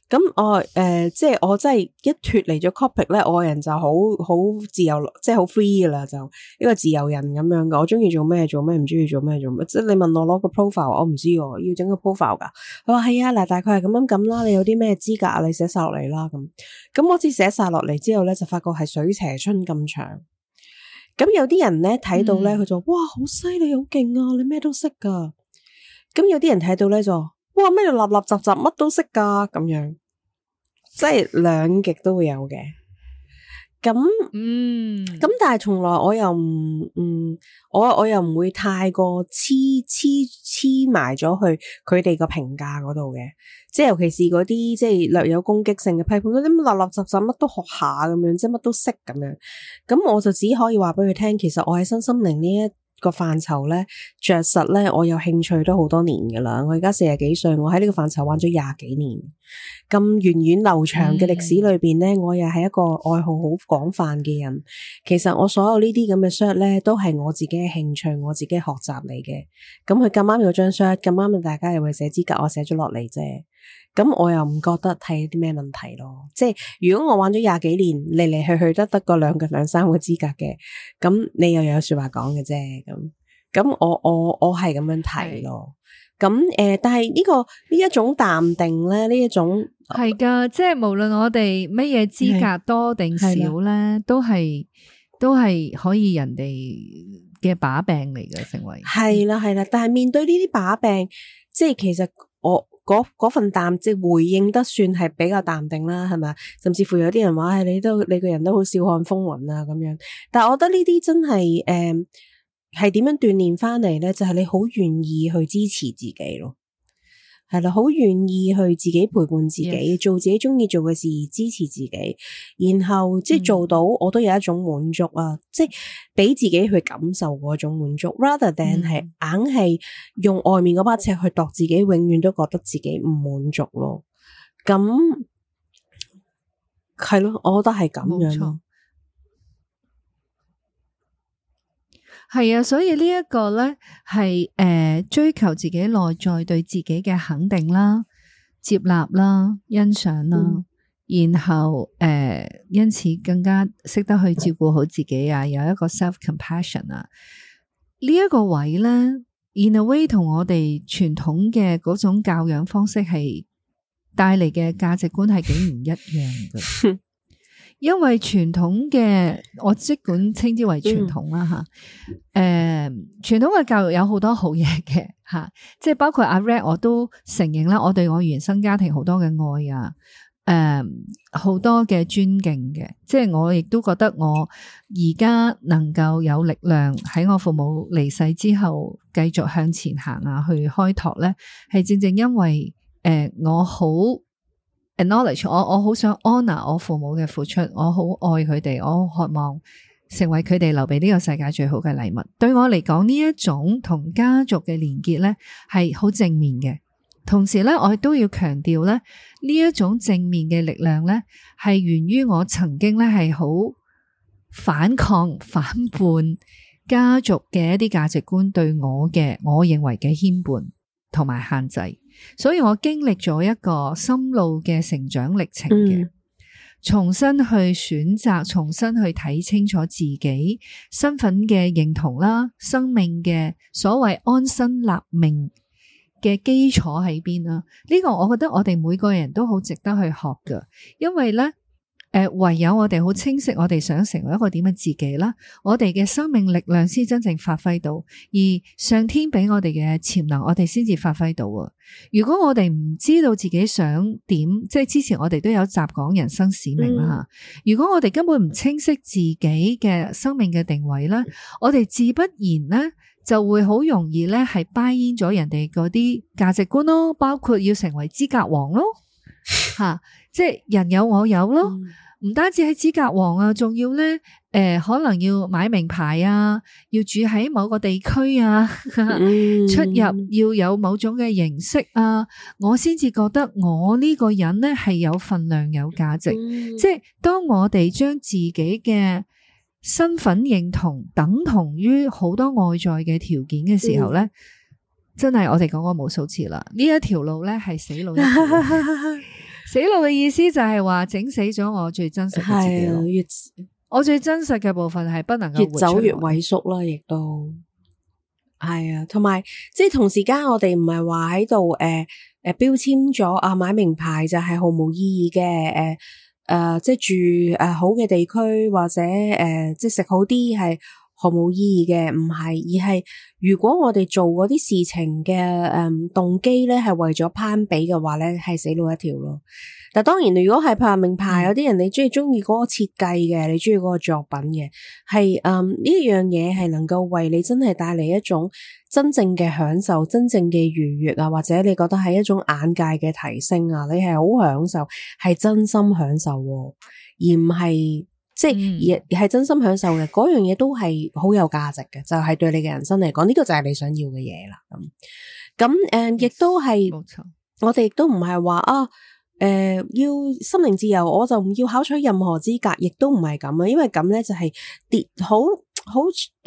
咁我誒、呃，即係我真係一脫離咗 copy 咧，我個人就好好自由，即係好 free 噶啦，就一個自由人咁樣噶。我中意做咩做咩，唔中意做咩做咩。即係你問我攞個 profile，我唔知要我要整個 profile 噶。佢話係啊，嗱，大概係咁樣咁啦。你有啲咩資格啊？你寫晒落嚟啦，咁咁我似寫晒落嚟之後咧，就發覺係水蛇春咁長。咁有啲人咧睇到咧，佢就、嗯、哇，好犀利，好勁啊！你咩都識噶。咁有啲人睇到咧就。哇！咩嘢立立雜雜乜都識噶咁樣，即係兩極都會有嘅。咁嗯，咁但係從來我又唔嗯，我我又唔會太過黐黐黐埋咗去佢哋個評價嗰度嘅。即係尤其是嗰啲即係略有攻擊性嘅批判嗰啲，立立雜雜乜都學下咁樣，即係乜都識咁樣。咁我就只可以話俾佢聽，其實我喺身心靈呢一。個範疇咧，着實咧，我有興趣都好多年噶啦。我而家四十幾歲，我喺呢個範疇玩咗廿幾年。咁源遠，遠流長嘅歷史裏邊咧，嗯，我又係一個愛好好廣泛嘅人。其實我所有這這呢啲咁嘅 cert 咧，都係我自己嘅興趣，我自己學習嚟嘅。咁佢咁啱有張 cert，咁啱大家又會寫資格，我寫咗落嚟啫。咁我又唔覺得睇啲咩問題咯，即係如果我玩咗廿幾年，嚟嚟去去都得個兩個兩三個資格嘅，咁你又有話說話講嘅啫。咁咁我我我係咁樣睇咯。咁誒的、呃，但係呢、呢個呢一種淡定咧，呢一種係噶，即係無論我哋乜嘢資格多定少咧的，都係都係可以人哋嘅把柄嚟嘅，成為係啦係啦。但係面對呢啲把柄，即係其實我。嗰份淡即回應得算係比較淡定啦，係咪？甚至乎有啲人話係、哎、你都你個人都好少看風雲啊咁樣，但係我覺得呢啲真係誒，係、呃、點樣鍛煉翻嚟咧？就係、是、你好願意去支持自己咯。係啦，好願意去自己陪伴自己，Yes. 做自己中意做嘅事，支持自己，然後，mm. 然後即係做到我都有一種滿足啊！即係俾自己去感受嗰種滿足，rather than 係、mm. 硬係用外面嗰把尺去度自己，永遠都覺得自己唔滿足咯。咁係咯，我覺得係咁樣。係啊，所以呢一個咧係誒追求自己內在對自己嘅肯定啦、接納啦、欣賞啦，嗯、然後誒、呃、因此更加識得去照顧好自己啊，有一個 self compassion 啊，呢一、這個位咧 in a way 同我哋傳統嘅嗰種教養方式係帶嚟嘅價值觀係幾唔一樣嘅。 因為傳統嘅，我即管稱之為傳統啦吓，誒、嗯啊，傳統嘅教育有好多好嘢嘅吓，即係包括阿 Red 我都承認啦，我對我原生家庭好多嘅愛啊，誒，好多嘅尊敬嘅，即係我亦都覺得我而家能夠有力量喺我父母離世之後繼續向前行啊，去開拓咧，係正正因為誒、啊、我好，acknowledge，我我好想 honor 我父母嘅付出，我好愛佢哋，我好渴望成為佢哋留俾呢個世界最好嘅禮物。對我嚟講，呢一種同家族嘅連結呢係好正面嘅。同時呢，我亦都要強調呢，呢一種正面嘅力量呢係源於我曾經呢係好反抗反叛家族嘅一啲價值觀對我嘅我認為嘅牽絆同埋限制。所以我經歷咗一個心路嘅成長歷程嘅，重新去選擇，重新去睇清楚自己身份嘅認同啦，生命嘅所謂安身立命嘅基礎喺邊啦。呢個我覺得我哋每個人都好值得去學嘅，因為呢。誒，唯有我哋好清晰，我哋想成為一個點嘅自己啦，我哋嘅生命力量先真正發揮到，而上天俾我哋嘅潛能，我哋先至發揮到啊！如果我哋唔知道自己想點，即係之前我哋都有集講人生使命啦，吓。如果我哋根本唔清晰自己嘅生命嘅定位啦，我哋自不然呢，就會好容易咧係 buy in 咗人哋嗰啲價值觀咯，包括要成為資格王咯，吓。 即係人有我有咯，唔、嗯、單止喺資格王啊，仲要咧誒、呃，可能要買名牌啊，要住喺某個地區啊， 出入要有某種嘅形式啊，我先至覺得我呢個人咧係有份量有價值。嗯、即係當我哋將自己嘅身份認同等同於好多外在嘅條件嘅時候咧，嗯、真係我哋講過無數次啦，呢一條路咧係死路死路嘅意思就係話整死咗我最真實嘅自己、啊、越我最真實嘅部分係不能夠越走越萎縮啦，亦都係啊，同埋即係同時間我哋唔係話喺度誒誒標籤咗啊買名牌就係毫無意義嘅誒誒，即係住誒、呃、好嘅地區或者誒、呃、即係食好啲係。毫無意義嘅，唔係，而係如果我哋做嗰啲事情嘅，誒、嗯、動機咧係為咗攀比嘅話咧，係死路一條咯。但係當然，如果係拍名牌，有啲人你中意中意嗰個設計嘅，你中意嗰個作品嘅，係誒呢樣嘢係能夠為你真係帶嚟一種真正嘅享受、真正嘅愉悅啊，或者你覺得係一種眼界嘅提升啊，你係好享受，係真心享受，而唔係。即係而係真心享受嘅，嗰樣嘢都係好有價值嘅，就係、是、對你嘅人生嚟講，呢個就係你想要嘅嘢啦。咁咁誒，亦、嗯、都係，沒錯 我哋亦都唔係話啊，誒、呃，要心靈自由，我就唔要考取任何資格，亦都唔係咁啊，因為咁咧就係跌好。好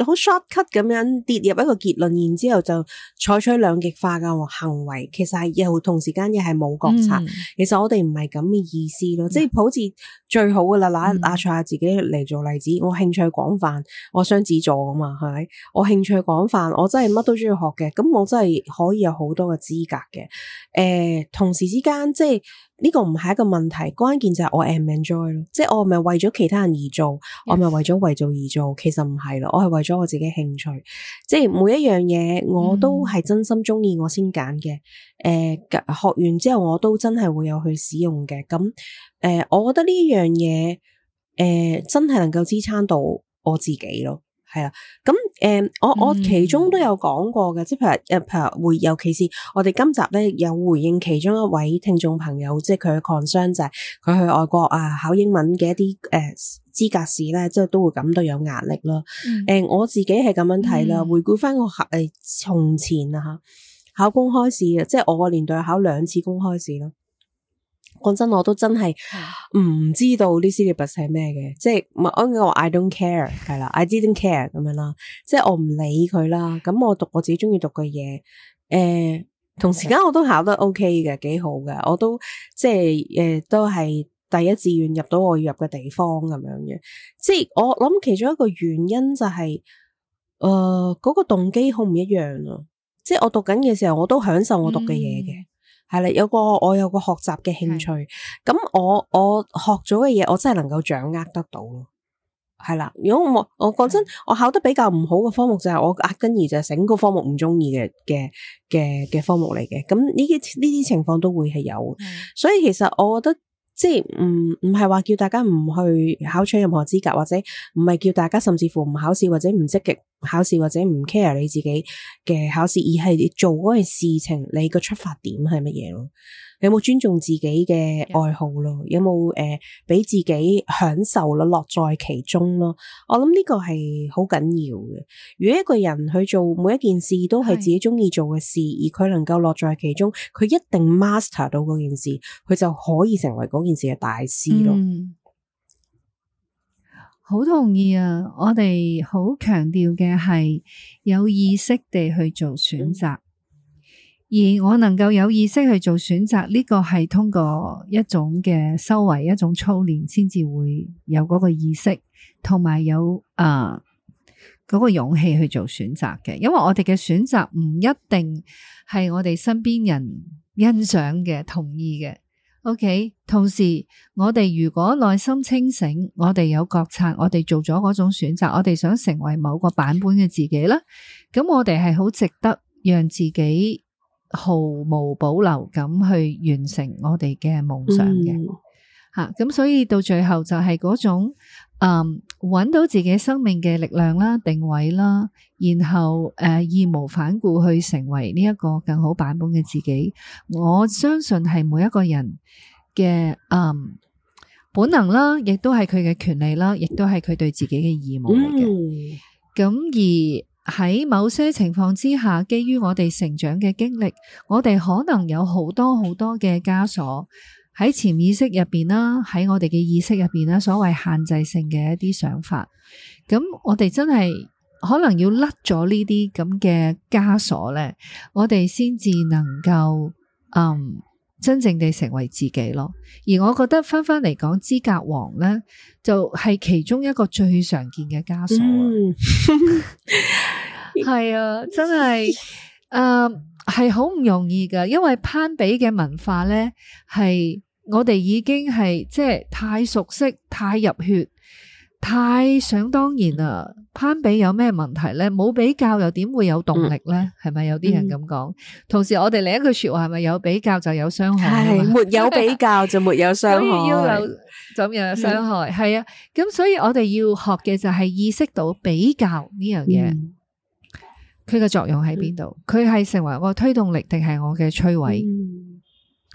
好 short cut 咁樣跌入一個結論，然之後就採取兩極化嘅行為，其實係又同時間又係冇覺察。嗯、其實我哋唔係咁嘅意思咯，嗯、即係好似最好噶啦，拿阿取下自己嚟做例子。我興趣廣泛，我想自助啊嘛，係咪？我興趣廣泛，我真係乜都中意學嘅，咁我真係可以有好多嘅資格嘅。誒、呃，同時之間即係。呢個唔係一個問題，關鍵就係我唔 enjoy 咯，即係我唔係為咗其他人而做，Yes. 我咪係為咗為做而做，其實唔係咯，我係為咗我自己興趣，即係每一樣嘢我都係真心中意我先揀嘅，誒、呃，學完之後我都真係會有去使用嘅，咁，誒、呃，我覺得呢樣嘢，誒、呃，真係能夠支撐到我自己咯。係啦，咁誒，嗯、我我其中都有講過嘅，即係譬如誒，譬如回，尤其是我哋今集咧有回應其中一位聽眾朋友，即係佢嘅 concern 就係佢去外國啊考英文嘅一啲誒資格試咧，即係都會感到有壓力咯。誒、嗯嗯，我自己係咁樣睇啦，嗯、回顧翻我誒從前啊吓考公開試啊，即係我個年代考兩次公開試咯。講真，我都真係唔知道啲 syllabus 係咩嘅，即係我我話 I don't care 係啦，I didn't care 咁樣啦，即係我唔理佢啦。咁我讀我自己中意讀嘅嘢，誒、呃，同時間我都考得 OK 嘅，幾好嘅。我都即係誒、呃，都係第一志願入到我要入嘅地方咁樣嘅。即係我諗其中一個原因就係、是，誒、呃，嗰、那個動機好唔一樣啊！即係我讀緊嘅時候，我都享受我讀嘅嘢嘅。嗯係啦，有個我有個學習嘅興趣，咁是的 我我學咗嘅嘢，我真係能夠掌握得到咯。係啦，如果我我講真，是的 我考得比較唔好嘅科目就係我壓根兒就整個科目唔中意嘅、嘅、嘅嘅科目嚟嘅。咁呢啲呢啲情況都會係有，是的 所以其實我覺得即係唔唔係話叫大家唔去考取任何資格，或者唔係叫大家甚至乎唔考試或者唔積極。考試或者唔 care 你自己嘅考試，而係你做嗰件事情，你個出發點係乜嘢咯？你有冇尊重自己嘅愛好咯？Yeah. 有冇誒俾自己享受咯？樂在其中咯？我諗呢個係好緊要嘅。如果一個人去做每一件事都係自己中意做嘅事，Yeah. 而佢能夠樂在其中，佢一定 master 到嗰件事，佢就可以成為嗰件事嘅大師咯。Mm. 好同意啊！我哋好強調嘅係有意識地去做選擇，而我能夠有意識去做選擇，呢、呢個係通過一種嘅修為、一種操練，先至會有嗰個意識，同埋有啊嗰、呃嗰個勇氣去做選擇嘅。因為我哋嘅選擇唔一定係我哋身邊人欣賞嘅、同意嘅。O、okay, K，同時我哋如果內心清醒，我哋有覺察，我哋做咗嗰種選擇，我哋想成為某個版本嘅自己啦。咁我哋係好值得讓自己毫無保留咁去完成我哋嘅夢想嘅，吓、嗯、咁、啊、所以到最後就係嗰種。嗯，揾、um, 到自己生命嘅力量啦，定位啦，然後誒、呃，義無反顧去成為呢一個更好版本嘅自己。我相信係每一個人嘅嗯本能啦，亦都係佢嘅權利啦，亦都係佢對自己嘅義務嚟嘅。咁、嗯、而喺某些情況之下，基於我哋成長嘅經歷，我哋可能有好多好多嘅枷鎖。喺潛意識入邊啦，喺我哋嘅意識入邊啦，所謂限制性嘅一啲想法，咁我哋真係可能要甩咗呢啲咁嘅枷鎖咧，我哋先至能夠嗯真正地成為自己咯。而我覺得返返嚟講資格王咧，就係、是、其中一個最常見嘅枷鎖。係、嗯、 啊，真係誒，係好唔容易噶，因為攀比嘅文化咧係。我哋已經係即係太熟悉、太入血、太想當然啦。攀比有咩問題咧？冇比較又點會有動力咧？係咪、嗯、有啲人咁講？嗯、同時我哋另一句話說話係咪有比較就有傷害？係，沒有比較就沒有傷害， 要有怎樣傷害？係、嗯、啊，咁所以我哋要學嘅就係意識到比較呢樣嘢，佢嘅、嗯、作用喺邊度？佢係、嗯、成為我推動力，定係我嘅摧毀？嗯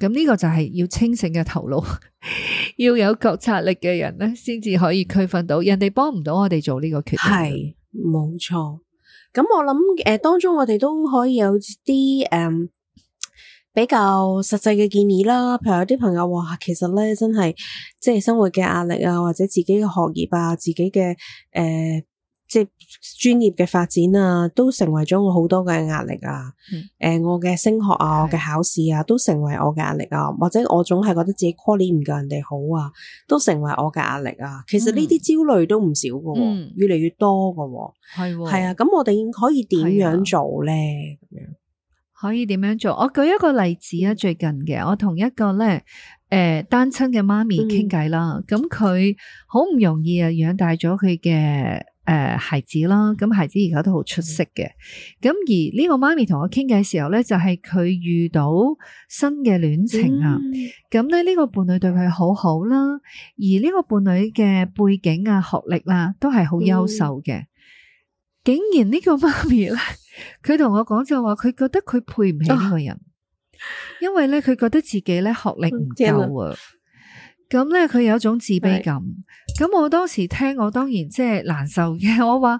咁呢個就係要清醒嘅頭腦， 要有覺察力嘅人咧，先至可以區分到人哋，幫唔到我哋做呢個決定。係，冇錯。咁我諗，誒、呃，當中我哋都可以有啲誒、呃、比較實際嘅建議啦。譬如有啲朋友話，其實咧真係即係生活嘅壓力啊，或者自己嘅學業啊，自己嘅誒。呃即係專業嘅發展啊，都成為咗我好多嘅壓力啊。誒、嗯呃，我嘅升學啊，是的 我嘅考試啊，都成為我嘅壓力啊。或者我總係覺得自己 quality 唔夠人哋好啊，都成為我嘅壓力啊。其實呢啲焦慮都唔少嘅，嗯、越嚟越多嘅。係係啊，咁的的我哋可以點樣做咧？可以點樣做？我舉一個例子啊，最近嘅我同一個咧，誒、呃、單親嘅媽咪傾偈啦。咁佢好唔容易啊，養大咗佢嘅。誒、呃，孩子啦，咁孩子而家都好出色嘅。咁而呢個媽咪同我傾偈嘅時候咧，就係、是、佢遇到新嘅戀情啊。咁咧呢個伴侶對佢好好啦，而呢個伴侶嘅背景啊、學歷啊，都係好優秀嘅。竟然個媽呢個媽咪咧，佢同我講就話，佢覺得佢配唔起呢個人，啊、因為咧佢覺得自己咧學歷唔夠啊。咁咧，佢有一種自卑感。咁我是的 當時我聽，我當然即係難受嘅。我話。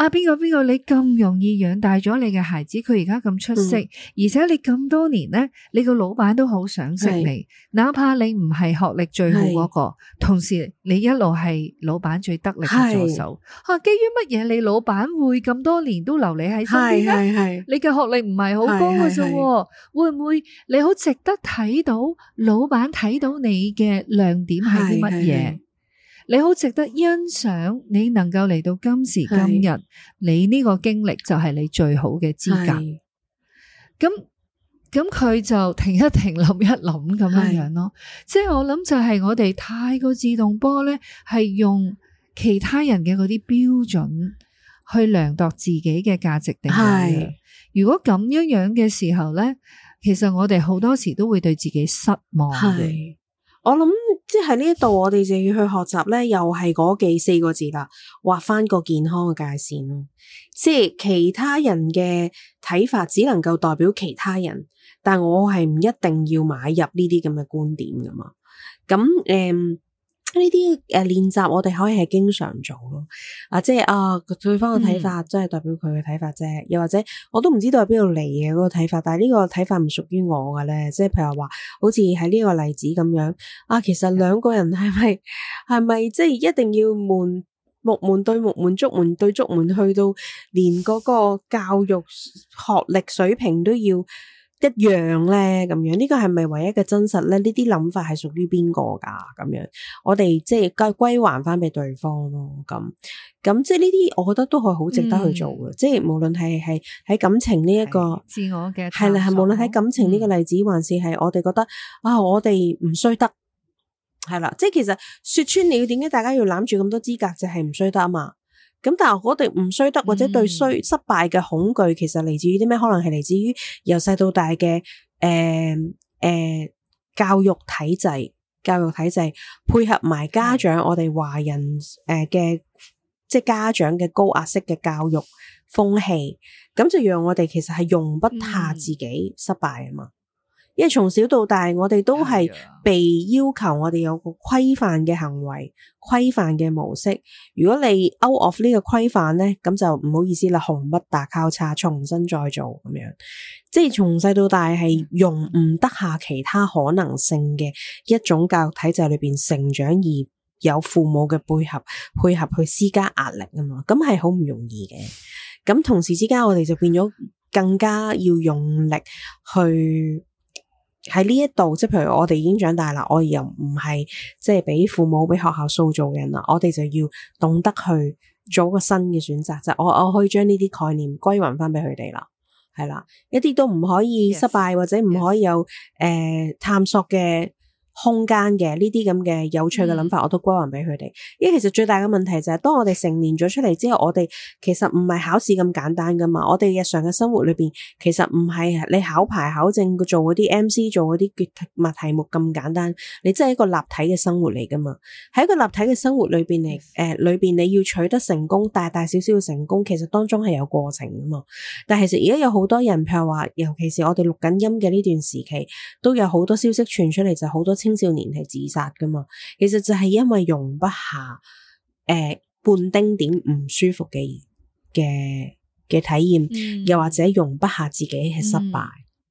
啊邊個邊個，你咁容易養大咗你嘅孩子，佢而家咁出色，嗯、而且你咁多年咧，你個老闆都好賞識你，是 哪怕你唔係學歷最好嗰、嗰個，是 同時你一路係老闆最得力嘅助手。啊是，基於乜嘢你老闆會咁多年都留你喺身邊咧？是是是是你嘅學歷唔係好高嘅啫，是是是是是會唔會你好值得睇到老闆睇到你嘅亮點係啲乜嘢？ s 是是 és 你好值得欣賞，你能夠嚟到今時今日，是你呢個經歷就係你最好嘅資格。咁咁佢就停一停想一想，諗一諗咁樣樣咯。即係我諗就係我哋太過自動波咧，係用其他人嘅嗰啲標準去量度自己嘅價值定係。是如果咁樣樣嘅時候咧，其實我哋好多時都會對自己失望。係我諗。即係呢一度，我哋就要去學習咧，又係嗰幾四個字啦，畫翻個健康嘅界線咯。即係其他人嘅睇法，只能夠代表其他人，但我係唔一定要買入呢啲咁嘅觀點噶嘛。咁誒。嗯呢啲誒練習，我哋可以係經常做咯。啊，即係啊，對方嘅睇法，法，即係代表佢嘅睇法啫。又或者，我都唔知道喺邊度嚟嘅嗰個睇法，但係呢個睇法唔屬於我嘅咧。即係譬如話，好似喺呢個例子咁樣啊，其實兩個人係咪係咪即係一定要門木門對木門，竹門對竹門，門，門，去到連嗰個教育學歷水平都要。一樣咧咁樣，呢個係咪唯一嘅真實咧？呢啲諗法係屬於邊個噶？咁樣，我哋即係歸歸還翻俾對方咯。咁咁即係呢啲，我覺得都係好值得去做嘅。嗯、即係無論係係喺感情呢、這、一個自我嘅，係啦，係無論喺感情呢個例子，還是係我哋覺得、嗯、啊，我哋唔衰得係啦。即係其實說穿了，點解大家要攬住咁多資格，就係唔衰得啊嘛？咁但係我哋唔衰得，或者對衰失敗嘅恐懼，其實嚟自於啲咩？可能係嚟自於由細到大嘅誒誒教育體制，教育體制配合埋家長，是的 我哋華人誒嘅、呃、即係家長嘅高壓式嘅教育風氣，咁就讓我哋其實係容不下自己失敗啊嘛。嗯嗯因為從小到大，我哋都係被要求我哋有個規範嘅行為、規範嘅模式。如果你 out of 呢個規範呢，咁就唔好意思啦，紅筆打交叉，重新再做咁樣。即係從細到大係容唔得下其他可能性嘅一種教育體制裏邊成長，而有父母嘅配合配合去施加壓力啊嘛。咁係好唔容易嘅。咁同時之間，我哋就變咗更加要用力去。喺呢一度，即係譬如我哋已經長大啦，我又唔係即係俾父母、俾學校塑造嘅人啦，我哋就要懂得去做一個新嘅選擇，就我、是、我可以將呢啲概念歸還翻俾佢哋啦，係啦，一啲都唔可以失敗或者唔可以有誒、呃、探索嘅。空間嘅呢啲咁嘅有趣嘅諗法，我都歸還俾佢哋。因為其實最大嘅問題就係，當我哋成年咗出嚟之後，我哋其實唔係考試咁簡單噶嘛。我哋日常嘅生活裏邊，其實唔係你考牌考證做嗰啲 MC 做嗰啲題目題目咁簡單。你真係一個立體嘅生活嚟噶嘛？喺一個立體嘅生活裏邊嚟誒，裏邊你要取得成功，大大小小嘅成功，其實當中係有過程噶嘛。但係其實而家有好多人譬如話，尤其是我哋錄緊音嘅呢段時期，都有好多消息傳出嚟，就好多青少年係自殺噶嘛，其實就係因為容不下誒、呃、半丁點唔舒服嘅嘅嘅體驗，嗯、又或者容不下自己係失敗，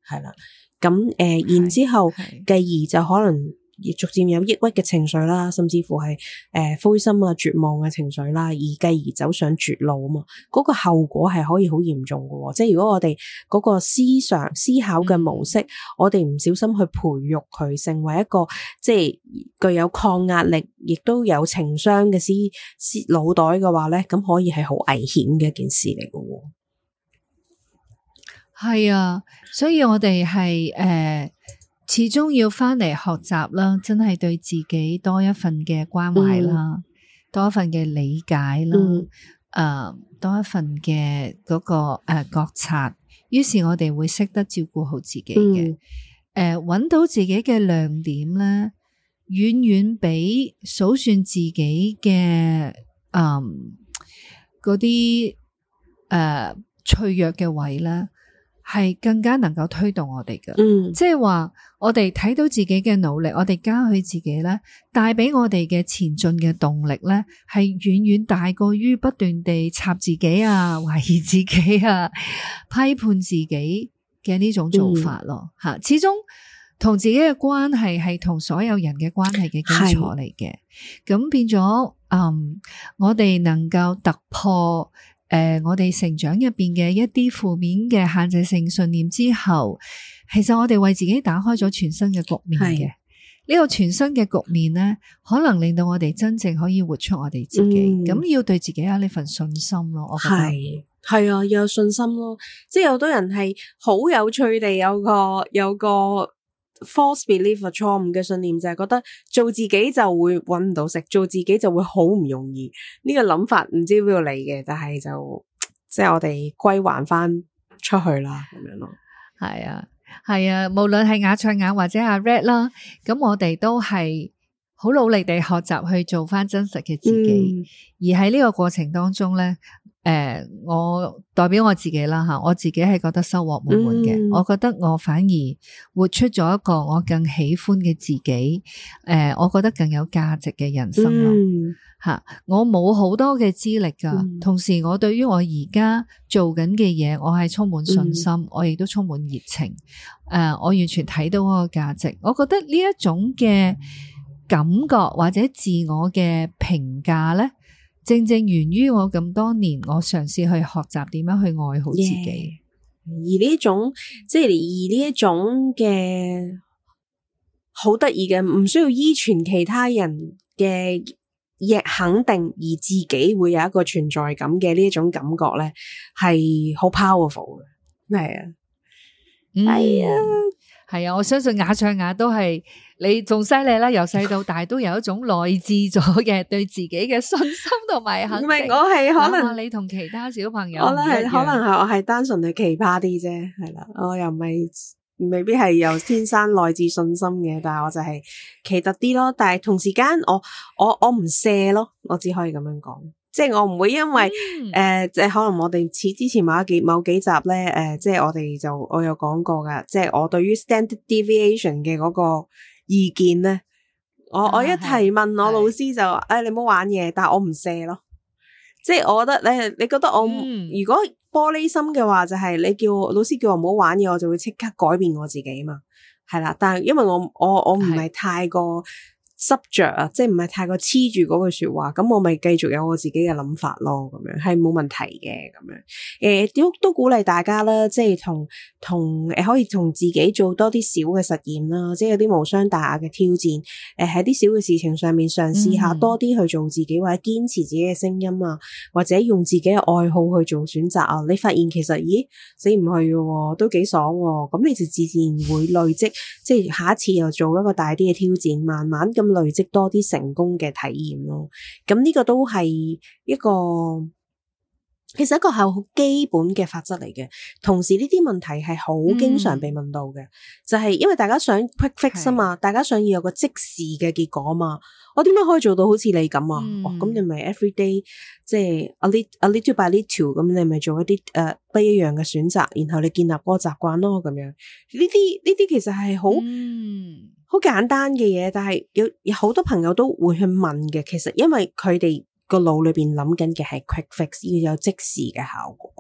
係、嗯、啦，咁、嗯、誒、呃、然之後是是繼而就可能。而逐漸有抑鬱嘅情緒啦，甚至乎係誒灰心啊、絕望嘅情緒啦，而繼而走上絕路啊嘛，嗰個後果係可以好嚴重嘅。即係如果我哋嗰個思想思考嘅模式，我哋唔小心去培育佢成為一個即係具有抗壓力，亦都有情商嘅思思腦袋嘅話咧，咁可以係好危險嘅一件事嚟嘅。係啊，所以我哋係誒。呃始終要翻嚟學習啦，真係對自己多一份嘅關懷啦，多一份嘅理解啦，誒、呃，多一份嘅嗰個誒覺察。於是我哋會識得照顧好自己嘅，誒、嗯，揾、呃、到自己嘅亮點咧，遠遠比數算自己嘅，嗯、呃，嗰啲誒脆弱嘅位咧。係更加能夠推動我哋嘅，即係話我哋睇到自己嘅努力，我哋嘉許自己咧，帶俾我哋嘅前進嘅動力咧，係遠遠大過於不斷地插自己啊、懷疑自己啊、批判自己嘅呢種做法咯。吓、嗯，始終同自己嘅關係係同所有人嘅關係嘅基礎嚟嘅，咁的變咗，嗯，我哋能夠突破。誒、呃，我哋成長入邊嘅一啲負面嘅限制性信念之後，其實我哋為自己打開咗全新嘅局面嘅。呢是個全新嘅局面咧，可能令到我哋真正可以活出我哋自己。咁、嗯、要對自己有呢份信心咯，是我覺得係係啊，要有信心咯。即係好多人係好有趣地有個有個。False belief 錯誤嘅信念就係、是、覺得做自己就會揾唔到食，做自己就會好唔容易。呢、這個諗法唔知邊度嚟嘅，但係就即係我哋歸還翻出去啦，咁樣咯。係啊，係啊，無論係雅卓雅或者阿 Red 啦，咁我哋都係好努力地學習去做翻真實嘅自己，嗯、而喺呢個過程當中咧。誒、呃，我代表我自己啦吓、啊，我自己係覺得收穫滿滿嘅。嗯、我覺得我反而活出咗一個我更喜歡嘅自己。誒、呃，我覺得更有價值嘅人生咯吓、嗯啊。我冇好多嘅資歷噶，嗯、同時我對於我而家做緊嘅嘢，我係充滿信心，嗯、我亦都充滿熱情。誒、啊，我完全睇到嗰個價值。我覺得呢一種嘅感覺或者自我嘅評價咧。正正源於我咁多年，我嘗試去學習點樣去愛好自己，yeah. 而呢一種即係而呢一種嘅好得意嘅，唔需要依存其他人嘅、亦肯定，而自己會有一個存在感嘅呢一種感覺咧，係好 powerful 嘅，係啊 Yeah.、mm，係啊。係啊，我相信雅唱雅都係你仲犀利啦，由細到大都有一種內置咗嘅對自己嘅信心同埋肯定。我係可能你同其他小朋友我可能，我咧係可能係我係單純係奇葩啲啫，係啦，我又未未必係由天生內置信心嘅， 但係我就係奇特啲咯。但係同時間我我我唔射咯，我只可以咁樣講。即係我唔會因為誒、嗯呃，即係可能我哋似之前某幾某幾集咧，誒、呃，即係我哋就我有講過噶，即係我對於 standard deviation 嘅嗰個意見咧，我我一提問我老師就話誒、嗯哎，你唔好玩嘢，但係我唔卸咯。即係我覺得你你覺得我、嗯、如果玻璃心嘅話，就係你叫我老師叫我唔好玩嘢，我就會即刻改變我自己嘛，係啦。但係因為我我我唔係太過。濕着，啊，即係唔係太過黐住嗰句說話，咁我咪繼續有我自己嘅諗法咯，咁樣係冇問題嘅，咁樣，誒、呃，都都鼓勵大家啦，即係同同誒、呃，可以同自己做多啲小嘅實驗啦，即係有啲無傷大雅嘅挑戰，誒、呃，喺啲小嘅事情上面嘗試下，多啲去做自己或者堅持自己嘅聲音啊，或者用自己嘅愛好去做選擇啊，你發現其實咦，死唔去嘅，哦，都幾爽，哦，咁你就自然會累積，即係下一次又做一個大啲嘅挑戰，慢慢咁。累積多啲成功嘅體驗咯，咁、這、呢個都係一個，其實一個係好基本嘅法則嚟嘅。同時呢啲問題係好經常被問到嘅，嗯、就係因為大家想 quick fix 啊嘛，是大家想要有個即時嘅結果啊嘛。我點樣可以做到好似你咁啊？嗯、哦，咁你咪 every day 即係 a little a little by little 咁，你咪做一啲誒、uh, 不一樣嘅選擇，然後你建立個習慣咯，咁樣。呢啲呢啲其實係好嗯。好簡單嘅嘢，但係有有好多朋友都會去問嘅。其實因為佢哋個腦裏邊諗緊嘅係 quick fix，要有即時嘅效果。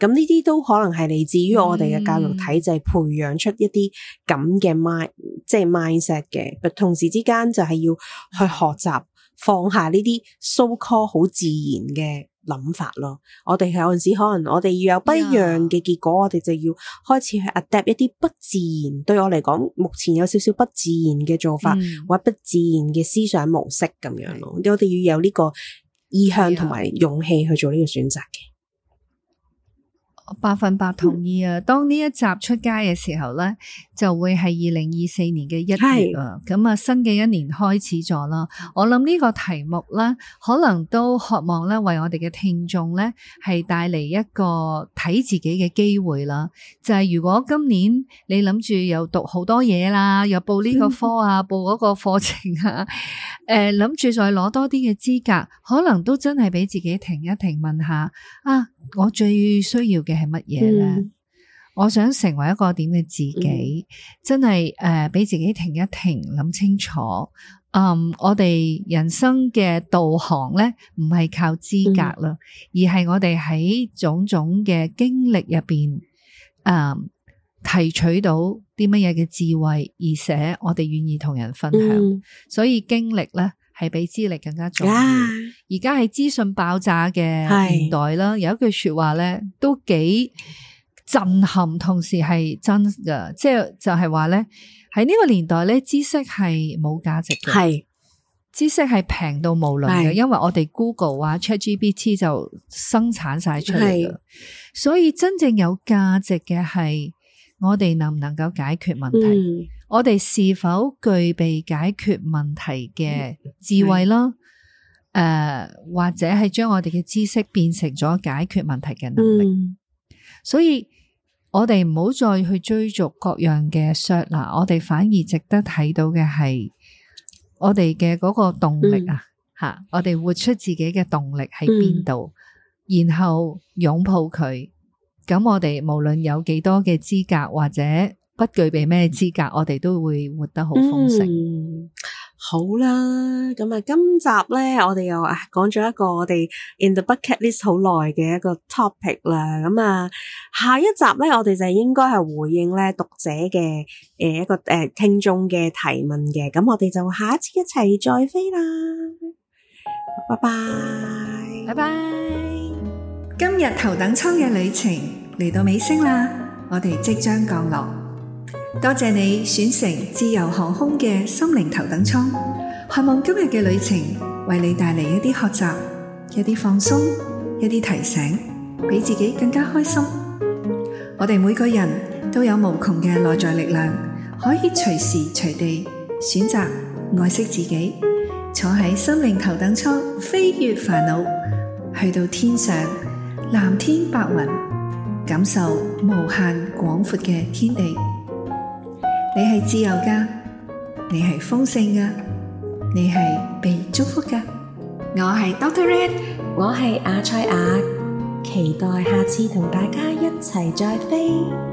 咁呢啲都可能係嚟自於我哋嘅教育體制、嗯、培養出一啲咁嘅 mind，即係 mindset 嘅。同時之間就係要去學習。嗯放下呢啲 so called 好自然嘅諗法咯，我哋有陣時可能我哋要有不一樣嘅結果，Yeah. 我哋就要開始去 adapt 一啲不自然，對我嚟講目前有少少不自然嘅做法，mm. 或者不自然嘅思想模式咁樣咯，我哋要有呢個意向同埋勇氣去做呢個選擇嘅。Yeah. 嗯百分百同意啊！當呢一集出街嘅時候咧，就會係二零二四年嘅一月啊，咁啊是，新嘅一年開始咗啦。我諗呢個題目咧，可能都渴望咧，為我哋嘅聽眾咧，係帶嚟一個睇自己嘅機會啦。就係、是、如果今年你諗住又讀好多嘢啦，又報呢個科啊，報嗰個課程啊，誒、 呃，諗住再攞多啲嘅資格，可能都真係俾自己停一停問一，問下啊，我最需要嘅。係乜嘢咧？我想成為一個點嘅自己，嗯、真係誒，俾、呃、自己停一停，諗清楚。嗯，我哋人生嘅導航咧，唔係靠資格啦，嗯、而係我哋喺種種嘅經歷入邊，嗯、呃，提取到啲乜嘢嘅智慧，而且我哋願意同人分享。嗯、所以經歷咧，係比資力更加重要。而家係資訊爆炸嘅年代啦，是有一句說話咧，都幾震撼，同時係真嘅。即係就係話咧，喺呢個年代咧，知識係冇價值嘅。係是知識係平到冇論嘅，是因為我哋 Google 啊、ChatGPT 就生產晒出嚟啦。是所以真正有價值嘅係我哋能唔能夠解決問題？嗯我哋是否具備解決問題嘅智慧咯？誒的、呃，或者係將我哋嘅知識變成咗解決問題嘅能力？嗯、所以，我哋唔好再去追逐各樣嘅 shout 啦，我哋反而值得睇到嘅係我哋嘅嗰個動力、嗯、啊！吓，我哋活出自己嘅動力喺邊度，嗯、然後擁抱佢。咁我哋無論有幾多嘅資格或者。不具備咩資格，我哋都會活得好豐盛。好啦，咁啊，今集咧，我哋又啊講咗一個我哋 in the bucket list 好耐嘅一個 topic 啦。咁啊，下一集咧，我哋就應該係回應咧讀者嘅誒一個誒聽眾嘅提問嘅。咁我哋就下一次一齊再飛啦。拜拜，拜拜。今日頭等艙嘅旅程嚟到尾聲啦，我哋即將降落。多謝你選乘自由航空嘅心靈頭等艙，渴望今日嘅旅程為你帶嚟一啲學習、一啲放鬆、一啲提醒，俾自己更加開心。我哋每個人都有無窮嘅內在力量，可以隨時隨地選擇愛惜自己，坐喺心靈頭等艙，飛越煩惱，去到天上，藍天白雲，感受無限廣闊嘅天地。你係自由噶，你係豐盛噶，你係被祝福噶。我係 Doctor Red，我係阿菜雅，期待下次同大家一齊再飛。